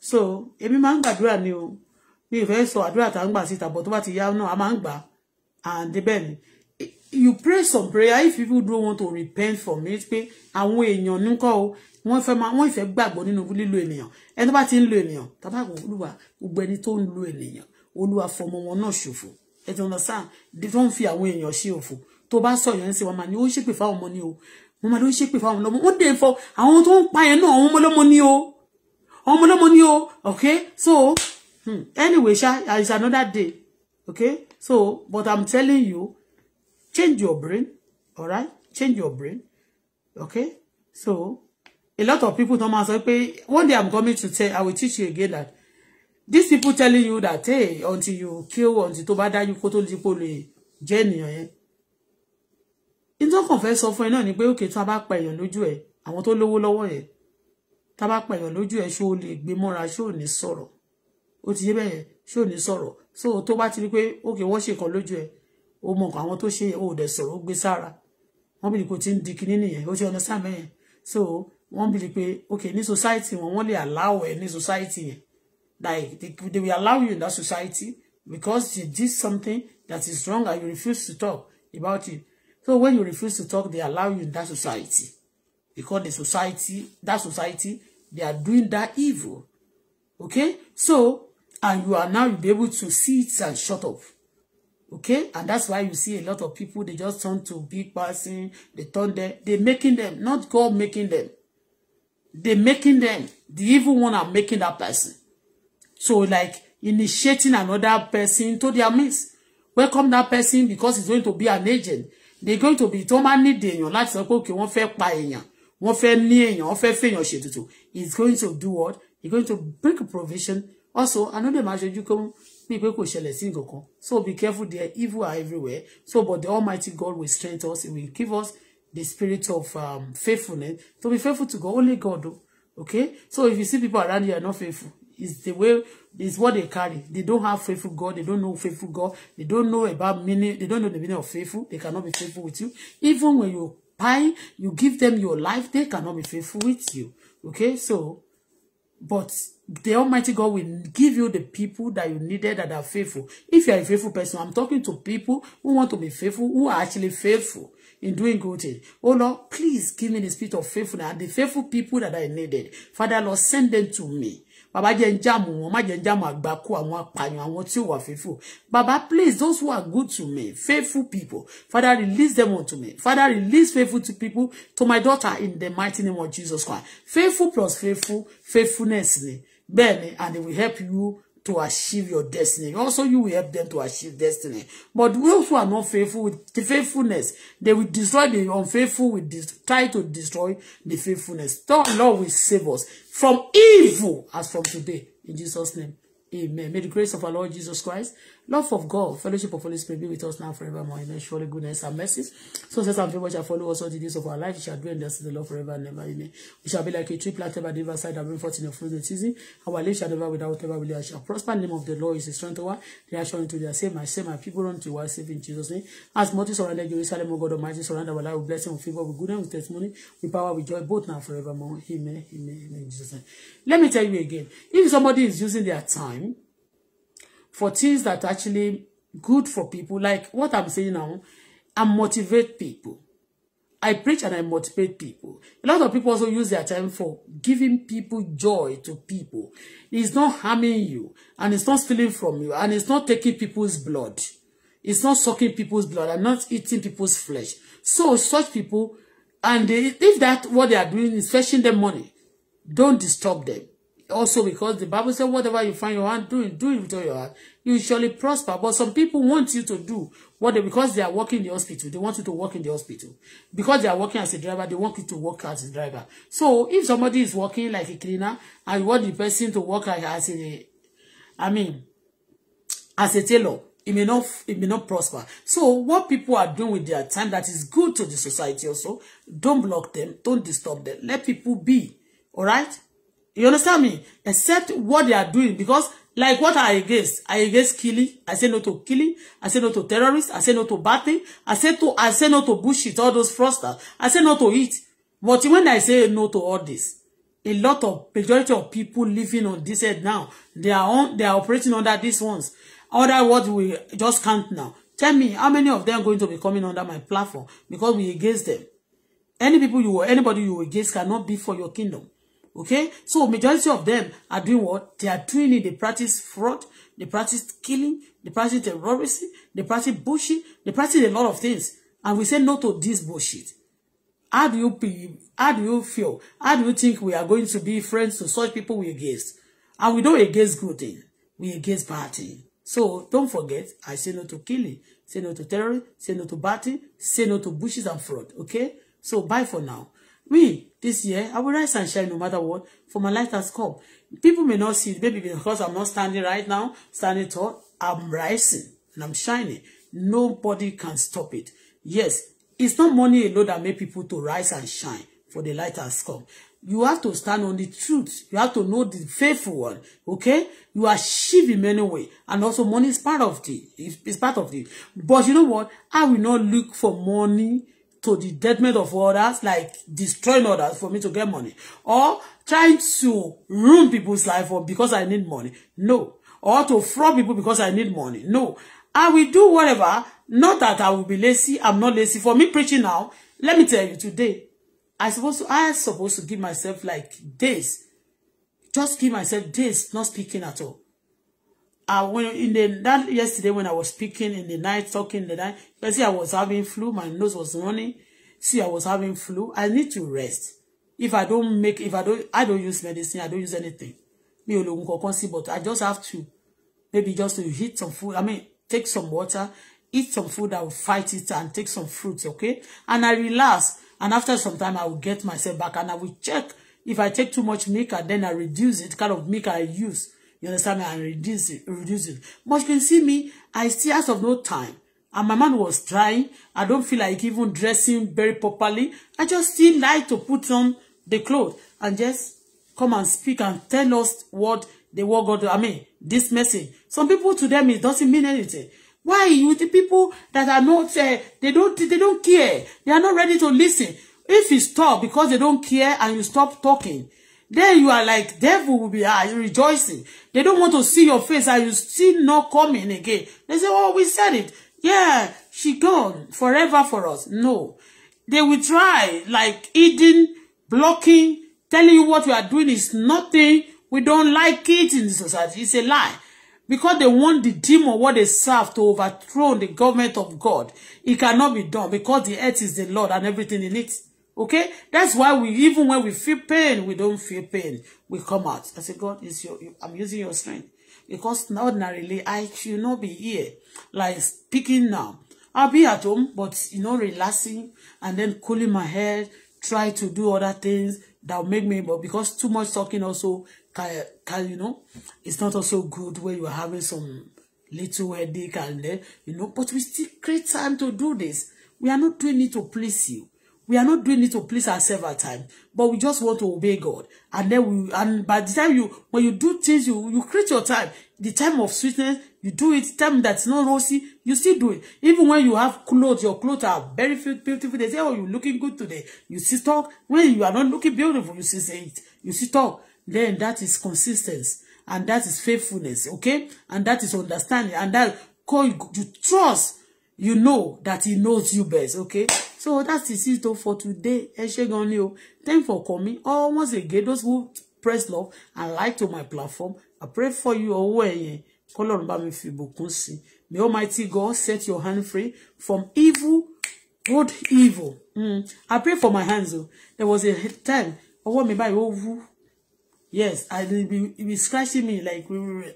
So èmi máa ń gbàdúrà ni o mi ò fẹ́ sọ àdúrà tá ń gbà síta bọ̀ tó bá ti yá náà a máa you pray some prayer if people don't want to repent for me, pé àwọn èèyàn nǹkan o wọ́n fẹ́ máa wọ́n ìfẹ́ gbàgbọ́ nínú lílo ènìyàn ẹni tó bá ti ń lo ènìyàn tàbá kò olúwa gbogbo ẹni tó ń lo ènìyàn olúwa fọmọ wọn náà ṣòfò ẹ understand di tó ń fi àwọn èèyàn ṣe òfò tó bá sọ yẹn sí wọn máa ní ó ṣépè fáwọn ọmọ ni o wọn máa ní ó ṣépè fáwọn ọmọ wọn dé fọ àwọn tó ń pa yẹn náà àwọn ọmọlọmọ ni o àwọn ọmọlọmọ ni o okay so hmm, anyway sha it's another day okay so but i'm telling you Change your brain, all right? Change your brain, okay? So, a lot of people don't answer. One day I'm coming to say I will teach you again that these people telling you that, hey, until you kill, until to bá dá you kó people di pé lè jẹ́ ènìyàn In don't kàn fẹ́ sọ fún ẹ okay, to back by your èèyàn lójú ẹ̀, àwọn tó low low. yẹn, tá a bá pa èèyàn lójú ẹ̀, ṣé o lè gbé mọ́ra, ṣé o ní ti yé bẹ́ẹ̀ yẹn, ṣé o So, to bá ti rí pé, okay, wọ́n ṣe kan lójú ẹ̀, ó mọ nǹkan àwọn tó ṣe ó dẹ̀ sọ̀rọ̀ ó gbé sára wọ́n bìlì kò ti ń di kinní nìyẹn ó ti ọ̀nà sáà mẹ́yẹn so wọ́n bìlì pé ok ní society wọn wọ́n lè allow ẹ ní society yẹn like they, they will allow you in that society because you did something that is wrong and you refuse to talk about it so when you refuse to talk they allow you in that society because the society that society they are doing that evil okay so and you are now be able to see it and shut up okay and that's why you see a lot of people they just turn to big person they turn them they making them not God making them they making them the evil one are making that person so like initiating another person to their midst welcome that person because he's going to be an agent they're going to be tó máa ní de èèyàn láti sọ pé òkè wọ́n fẹ́ pa èèyàn wọ́n fẹ́ ní èèyàn wọ́n fẹ́ fèèyàn ṣètùtù he's going to do what he's going to bring provision also another máa you come bí pé kò ṣẹlẹ̀ sí nǹkan so be careful there evil are everywhere so but the almighty God will strengthen us he will give us the spirit of um, faithfulness to be faithful to God only God though okay so if you see people around you are not faithful it's the way it's what they carry they don't have faithful God they don't know faithful God they don't know about meaning they don't know the meaning of faithful they cannot be faithful with you even when you pine you give them your life they cannot be faithful with you okay so But the Almighty God will give you the people that you needed that are faithful. If you are a faithful person, I'm talking to people who want to be faithful, who are actually faithful in doing good things. Oh Lord, please give me the spirit of faithfulness and the faithful people that I needed. Father Lord, send them to me. Baba, jẹ́ ń jàmù wọn má jẹ́ ń jàmù àgbákò àwọn apààyàn àwọn tí faithful Baba, please those who are good to me faithful people father release them unto me father release faithful to people to my daughter in the mighty name of Jesus Christ faithful plus faithful faithfulness ni bẹ́ẹ̀ and they will help you to achieve your destiny. Also, you will help them to achieve destiny. But those who are not faithful with the faithfulness, they will destroy the unfaithful, will try to destroy the faithfulness. The Lord will save us from evil as from today. In Jesus' name, amen. May the grace of our Lord Jesus Christ Love of God, fellowship of Holy Spirit be with us now forevermore. Amen. Surely goodness and mercy. So says and favor shall follow us all the days of our life. We shall dwell in the Lord forever and ever. Amen. We shall be like a tree planted by the riverside and bring forth in the fruit of the season. Our life shall never without whatever we shall prosper. The name of the Lord is the strength of our. They are shown to their same. I say my people unto you are safe in Jesus' name. As multi surrounded Jerusalem, O God Almighty, surround our life with blessing, with favor, with goodness, with testimony, with power, with joy, both now forevermore. Amen. Amen. Amen. In Jesus' name. Let me tell you again. If somebody is using their time for things that actually good for people. Like what I'm saying now, I motivate people. I preach and I motivate people. A lot of people also use their time for giving people joy to people. It's not harming you, and it's not stealing from you, and it's not taking people's blood. It's not sucking people's blood and not eating people's flesh. So such people, and they, if that what they are doing is fetching them money, don't disturb them also because the Bible says whatever you find your hand doing, do it with all your heart. You surely prosper. But some people want you to do what they, because they are working in the hospital. They want you to work in the hospital. Because they are working as a driver, they want you to work as a driver. So if somebody is working like a cleaner and you want the person to work as a, I mean, as a tailor, it may not it may not prosper. So what people are doing with their time that is good to the society also, don't block them, don't disturb them. Let people be. All right? You understand me? Except what they are doing. Because like what I against? I against killing. I say no to killing. I say no to terrorists. I say no to bad thing. I say to I say no to bullshit, all those frosters. I say no to it. But when I say no to all this, a lot of majority of people living on this earth now, they are on they are operating under these ones. Other what we just can't now. Tell me how many of them are going to be coming under my platform because we against them. Any people you anybody you against cannot be for your kingdom. Okay? So majority of them are doing what? They are doing it. They practice fraud. They practice killing. They practice terrorism. They practice bullshit. They practice a lot of things. And we say no to this bullshit. How do you be, how do you feel? How do you think we are going to be friends to such people we against? And we don't against good thing. We against bad thing. So don't forget, I say no to killing. Say no to terror. Say no to batting. Say no to bushes and fraud. Okay? So bye for now. Me, this year, I will rise and shine no matter what, for my light has come. People may not see it, maybe because I'm not standing right now, standing tall. I'm rising and I'm shining. Nobody can stop it. Yes, it's not money alone that make people to rise and shine, for the light has come. You have to stand on the truth. You have to know the faithful one. Okay? You achieve in many ways. And also money is part of the it's part of it. But you know what? I will not look for money to the detriment of others, like destroying others for me to get money, or trying to ruin people's life or because I need money. No. Or to fraud people because I need money. No. I will do whatever. Not that I will be lazy. I'm not lazy. For me preaching now, let me tell you today, I supposed to, I supposed to give myself like days. Just give myself days, not speaking at all. I when in the that yesterday when I was speaking in the night, talking in the night, because see, I was having flu, my nose was running. See, I was having flu. I need to rest. If I don't make, if I don't, I don't use medicine, I don't use anything. Me ò lògùn kankan but I just have to maybe just to eat some food. I mean, take some water, eat some food I will fight it, and take some fruits, okay? And I relax. And after some time, I will get myself back, and I will check if I take too much milk, and then I reduce it, kind of milk I use. You understand me? And reduce it, reduce it. But you can see me, I still out of no time. And my man was trying. I don't feel like even dressing very properly. I just still like to put on the clothes and just come and speak and tell us what the word God, I mean, this message. Some people to them, it doesn't mean anything. Why you the people that are not uh, they don't they don't care they are not ready to listen if you stop because they don't care and you stop talking Then you are like, devil will be uh, rejoicing. They don't want to see your face. Are you still not coming again? They say, oh, we said it. Yeah, she gone forever for us. No. They will try, like eating, blocking, telling you what you are doing is nothing. We don't like it in the society. It's a lie. Because they want the demon, what they serve, to overthrow the government of God. It cannot be done because the earth is the Lord and everything in it. Okay? That's why we, even when we feel pain, we don't feel pain. We come out. I say, God, is your, I'm using your strength. Because ordinarily, I should not be here, like speaking now. I'll be at home, but, you know, relaxing and then cooling my head, try to do other things that will make me, but because too much talking also can, can, you know, it's not also good when you are having some little headache and then, you know, but we still create time to do this. We are not doing it to please you. We are not doing it to please ourselves at times, but we just want to obey God. And then we and by the time you when you do things, you you create your time. The time of sweetness, you do it. Time that's not rosy, you still do it. Even when you have clothes, your clothes are very beautiful. They say, "Oh, you're looking good today." You still talk. When you are not looking beautiful, you still say it. You still talk. Then that is consistency, and that is faithfulness. Okay, and that is understanding, and that call you, you trust. You know that He knows you best. Okay so that's the it for today ẹ ṣé gan ni thank for coming Oh, once again those who press love and like to my platform i pray for you ọwọ́ ẹ̀yẹn kọ́lọ́run bá mi fi ìbùkún sí may almighty god set your hand free from evil good evil mm. i pray for my hands o there was a time I want me ó wú yes i dey be be scratching me like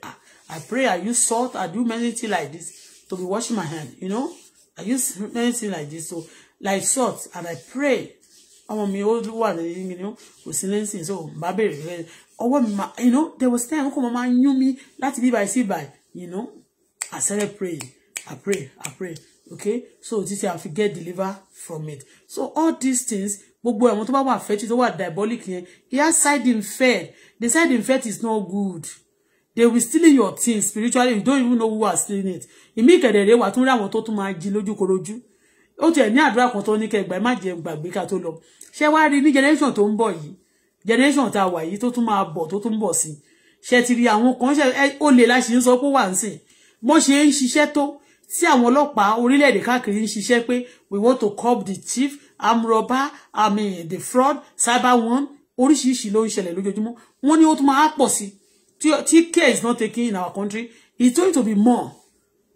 ah, i pray i use salt i do many things like this to be washing my hand you know i use many things like this so like salt and I pray ọmọ mi ó wà lẹ́yìn mi ni kò sí lẹ́sìn so bá bèrè rẹ ọwọ́ mi máa you know there was time kò máa yún mi láti bí báyìí sí báyìí you know I started praying I pray I pray okay so títí I fit get deliver from it so all these things gbogbo ẹ̀wọ̀n tó bá wà affected tó wà diabolic yẹn he has side effect the side effect is not good they will steal your things spiritually you don't even know who are stealing it ìmí ìkẹ̀dẹ̀rẹ̀ wà tún rí àwọn tó tún máa jí lójúkorojú ó tiẹ̀ ní àdúrà kan tó ní kẹgbà ẹ má jẹ gbàgbé ká tó lọ ṣé wá rí ní generation tó ń bọ̀ yìí generation tá a wà yìí tó tún máa bọ̀ tó tún bọ̀ sí ṣe ti rí àwọn kan ṣe ó lè láṣì ń sọ pé wà ń sìn bó ṣe ń ṣiṣẹ́ tó sí àwọn ọlọ́pàá orílẹ̀ káàkiri ń ṣiṣẹ́ pé we want to curb the thief arm robber i mean the fraud cyber one oríṣiríṣi ló ń ṣẹlẹ̀ lójoojúmọ́ wọ́n ní ó tún máa pọ̀ sí tí care is not taking in our country it's going to be more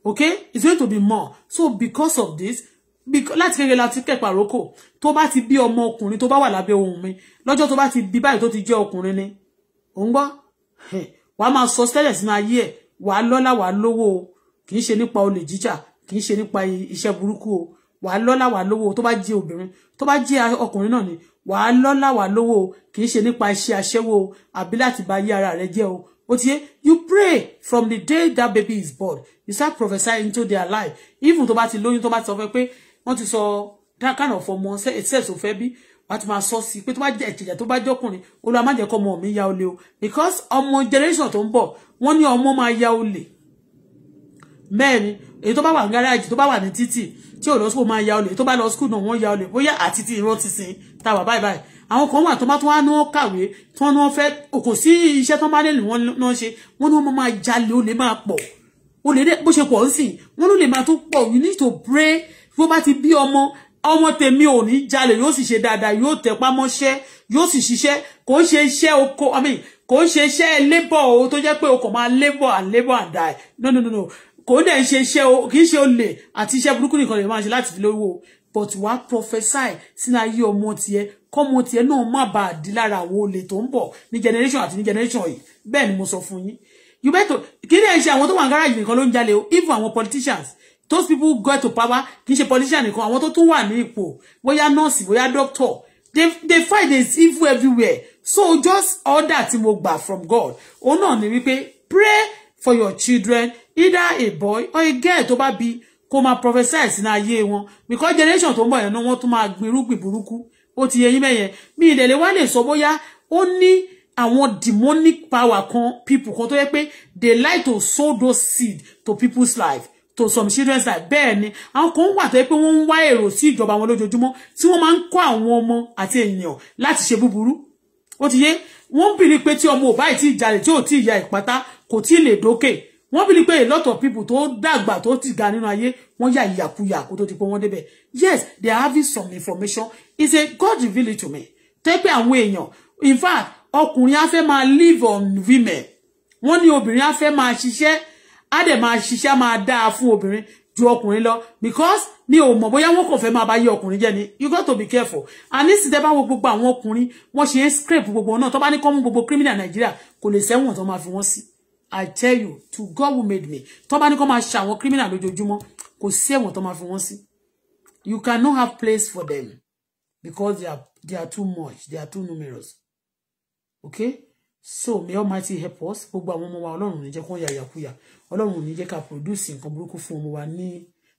okay it's going to be more so because of this láti kékeré la ti kẹ̀pà rókò tó bá ti bí ọmọ ọkùnrin tó bá wà lábẹ́ ohun mi lọ́jọ́ tó bá ti bí báyìí tó ti jẹ́ ọkùnrin ni ò ń gbọ́ wà á máa sọ tẹ́lẹ̀ sínú ayé ẹ̀ wà á lọ́lá wà á lówó o kì í ṣe nípa olè jíjà kì í ṣe nípa iṣẹ́ burúkú o wà á lọ́lá wà á lówó o tó bá jẹ́ obìnrin tó bá jẹ́ ọkùnrin náà ni wà á lọ́lá wà á lówó o kì í ṣe nípa iṣẹ́ aṣẹ́wó o àbí láti bà ayé ara rẹ jẹ́ o ó ti yé you pray from the day that baby is born you start prophesying into their life even tó bá ti lóyún tó bá ti sọ fẹ́ pé wọ́n ti sọ dákàrà ọ̀fọ̀mọ sex ò fẹ́ bí wọ́n ti máa sọ sí pé tó bá jẹ́ ìjìyà tó bá jọ́kùnrin olúwa má jẹ́ kọ́ ọmọ mi ya olè o because ọmọ generation tó ń bọ̀ wọ́n ní ọmọ máa ya olè mẹ́rin èyí tó bá wà ní gáràjì tó bá wà ní títì tí ò lọ school máa ya olè tó bá lọ school náà wọ́n ya olè bóyá àti ti ìran ti sìn ta wà báyìí báyìí àwọn kan wà tó bá tún wá ní wọn kàwé tí wọn fẹ́ kò sí iṣẹ́ tó bá lẹ́nu wọn náà ṣe wọn ni wọn máa jalè olè máa pọ̀ olè dẹ bó ṣe pọ̀ ń sìn wọn ló lè máa tún pọ̀ you need to pray bó bá ti bí ọmọ ọmọ tèmi ò ní jalè yóò sì ṣe dáadáa yóò tẹpá mọ́ṣẹ́ yóò sì ṣiṣẹ́ kò ń ṣe iṣẹ́ oko i mean kò ń ṣe iṣẹ́ labour o tó jẹ́ pé o kò máa labour and labour and die no no no no kò dẹ̀ ń ṣe iṣẹ́ o kì í ṣe olè àti iṣẹ́ burúkú nìkan lè máa ṣe láti fi lówó but wàá prophesy sínú ayé ọmọ tiẹ̀ kọ́mọ tiẹ̀ náà má bàa di lára àwọn olè tó ń bọ̀ ní generation àti ní generation yìí bẹ́ẹ̀ ni mo sọ fún yín you better kí ni ẹ ṣe àwọn tó wà ń gáràjì nìkan ló ń jalè o even àwọn politicians those people go to power kì í ṣe politician nìkan àwọn tó tún wà ní ipò bóyá nọ́ọ̀sì bóyá doctor they they fight is evil everywhere so just all that mo gbà from God òun náà ni wípé pray for your children either a boy or a girl to bá bí kó máa prophesy sínú ayé wọn because generation to ń bọ̀ yẹn náà wọ́n tún máa gbin irúgbìn burúkú ó ti yẹ yín mẹ́yẹn mi ìdẹ̀lẹ̀ wá lè sọ bóyá ó ní àwọn demonic power kan people kan tó yẹ pé they like to sow those seed to people's life to some children like bẹ́ẹ̀ ni àwọn kan wà tó yẹ pé wọ́n ń wá èrò sí ìjọba wọn lójoojúmọ́ tí wọ́n máa ń kọ́ àwọn ọmọ àti èèyàn láti ṣe búburú ó ti yé wọ́n bìrì pé tí ọmọ ò báyìí tí ìjàlè tí ò tí ìyá ìpátá kò tí ì lè dókè wọ́n bìrì pé a lot of people tó dàgbà tó ti ga nínú ayé wọ́n yà ìyàkuyà kó tó ti pé wọ́n débẹ̀ yes they are having some information it's a God reveal it to me tẹ́pẹ́ àwọn èèyàn in fact ọkùnrin á fẹ́ máa live on women wọ́n ní obìnrin á fẹ́ máa ṣiṣẹ́ á dẹ̀ máa ṣiṣẹ́ máa dáa fún obìnrin ju ọkùnrin lọ because mi ò mọ̀ bóyá wọn kò fẹ́ máa bá yé ọkùnrin jẹ́ ni you got to be careful and this tẹ́ bá wo gbogbo àwọn ọkùnrin wọ́n ṣe ń scrape gbogbo náà tó bá ní kọ́ mú gbogbo criminal Nigeria. kò lè sẹ́wọ̀n tó máa fi wọ́n sí I tell you to God who made me tó bá ní kọ́ máa ṣe àwọn criminal lójoojúmọ́ kò sẹ́wọ̀n tó máa fi wọ́n sí you cannot have place for them because they are, they are too much they are too numerous okay so may Almighty help us gbogbo àwọn ọmọ wa Ọlọ́run ní jẹ́ kó yàyàkúyà ọlọ́run ò ní jẹ́ ká pòdúsì nǹkan burúkú fún ọmọ wa ní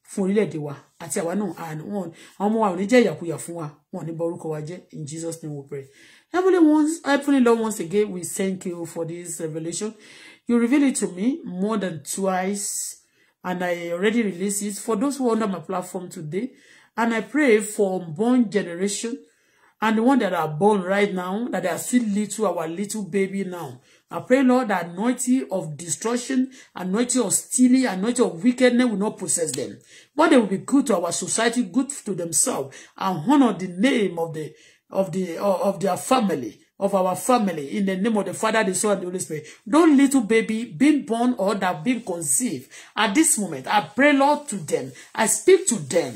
fún orílẹ̀-èdè wa àti àwa náà àwọn ọmọ wa ò ní jẹ́ ìyàkuyà fún wa wọn ò ní bọ orúkọ wa jẹ́ in Jesus name we pray heavenly once heavenly lord once again we thank you for this revelation you reveal it to me more than twice and I already release it for those who are under my platform today. And I pray for unborn generation and the one that are born right now, that are still little, our little baby now. I pray, Lord, that anointing of destruction, anointing of stealing, anointing of wickedness will not possess them. But they will be good to our society, good to themselves, and honor the name of the of the uh, of their family, of our family, in the name of the Father, the Son, and the Holy Spirit. Those little baby being born or that being conceived at this moment, I pray, Lord, to them. I speak to them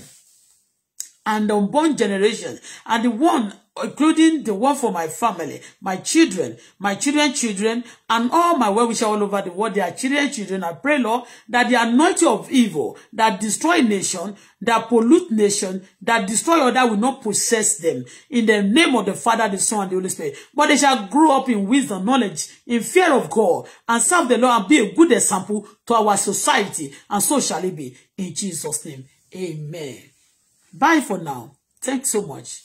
and the unborn generation and the one including the one for my family, my children, my children, children, and all my well-wishers all over the world, their children, children. I pray, Lord, that the anointing of evil that destroy nation, that pollute nation, that destroy other will not possess them. In the name of the Father, the Son, and the Holy Spirit. But they shall grow up in wisdom, knowledge, in fear of God, and serve the Lord and be a good example to our society. And so shall it be. In Jesus' name, amen. Bye for now. Thanks so much.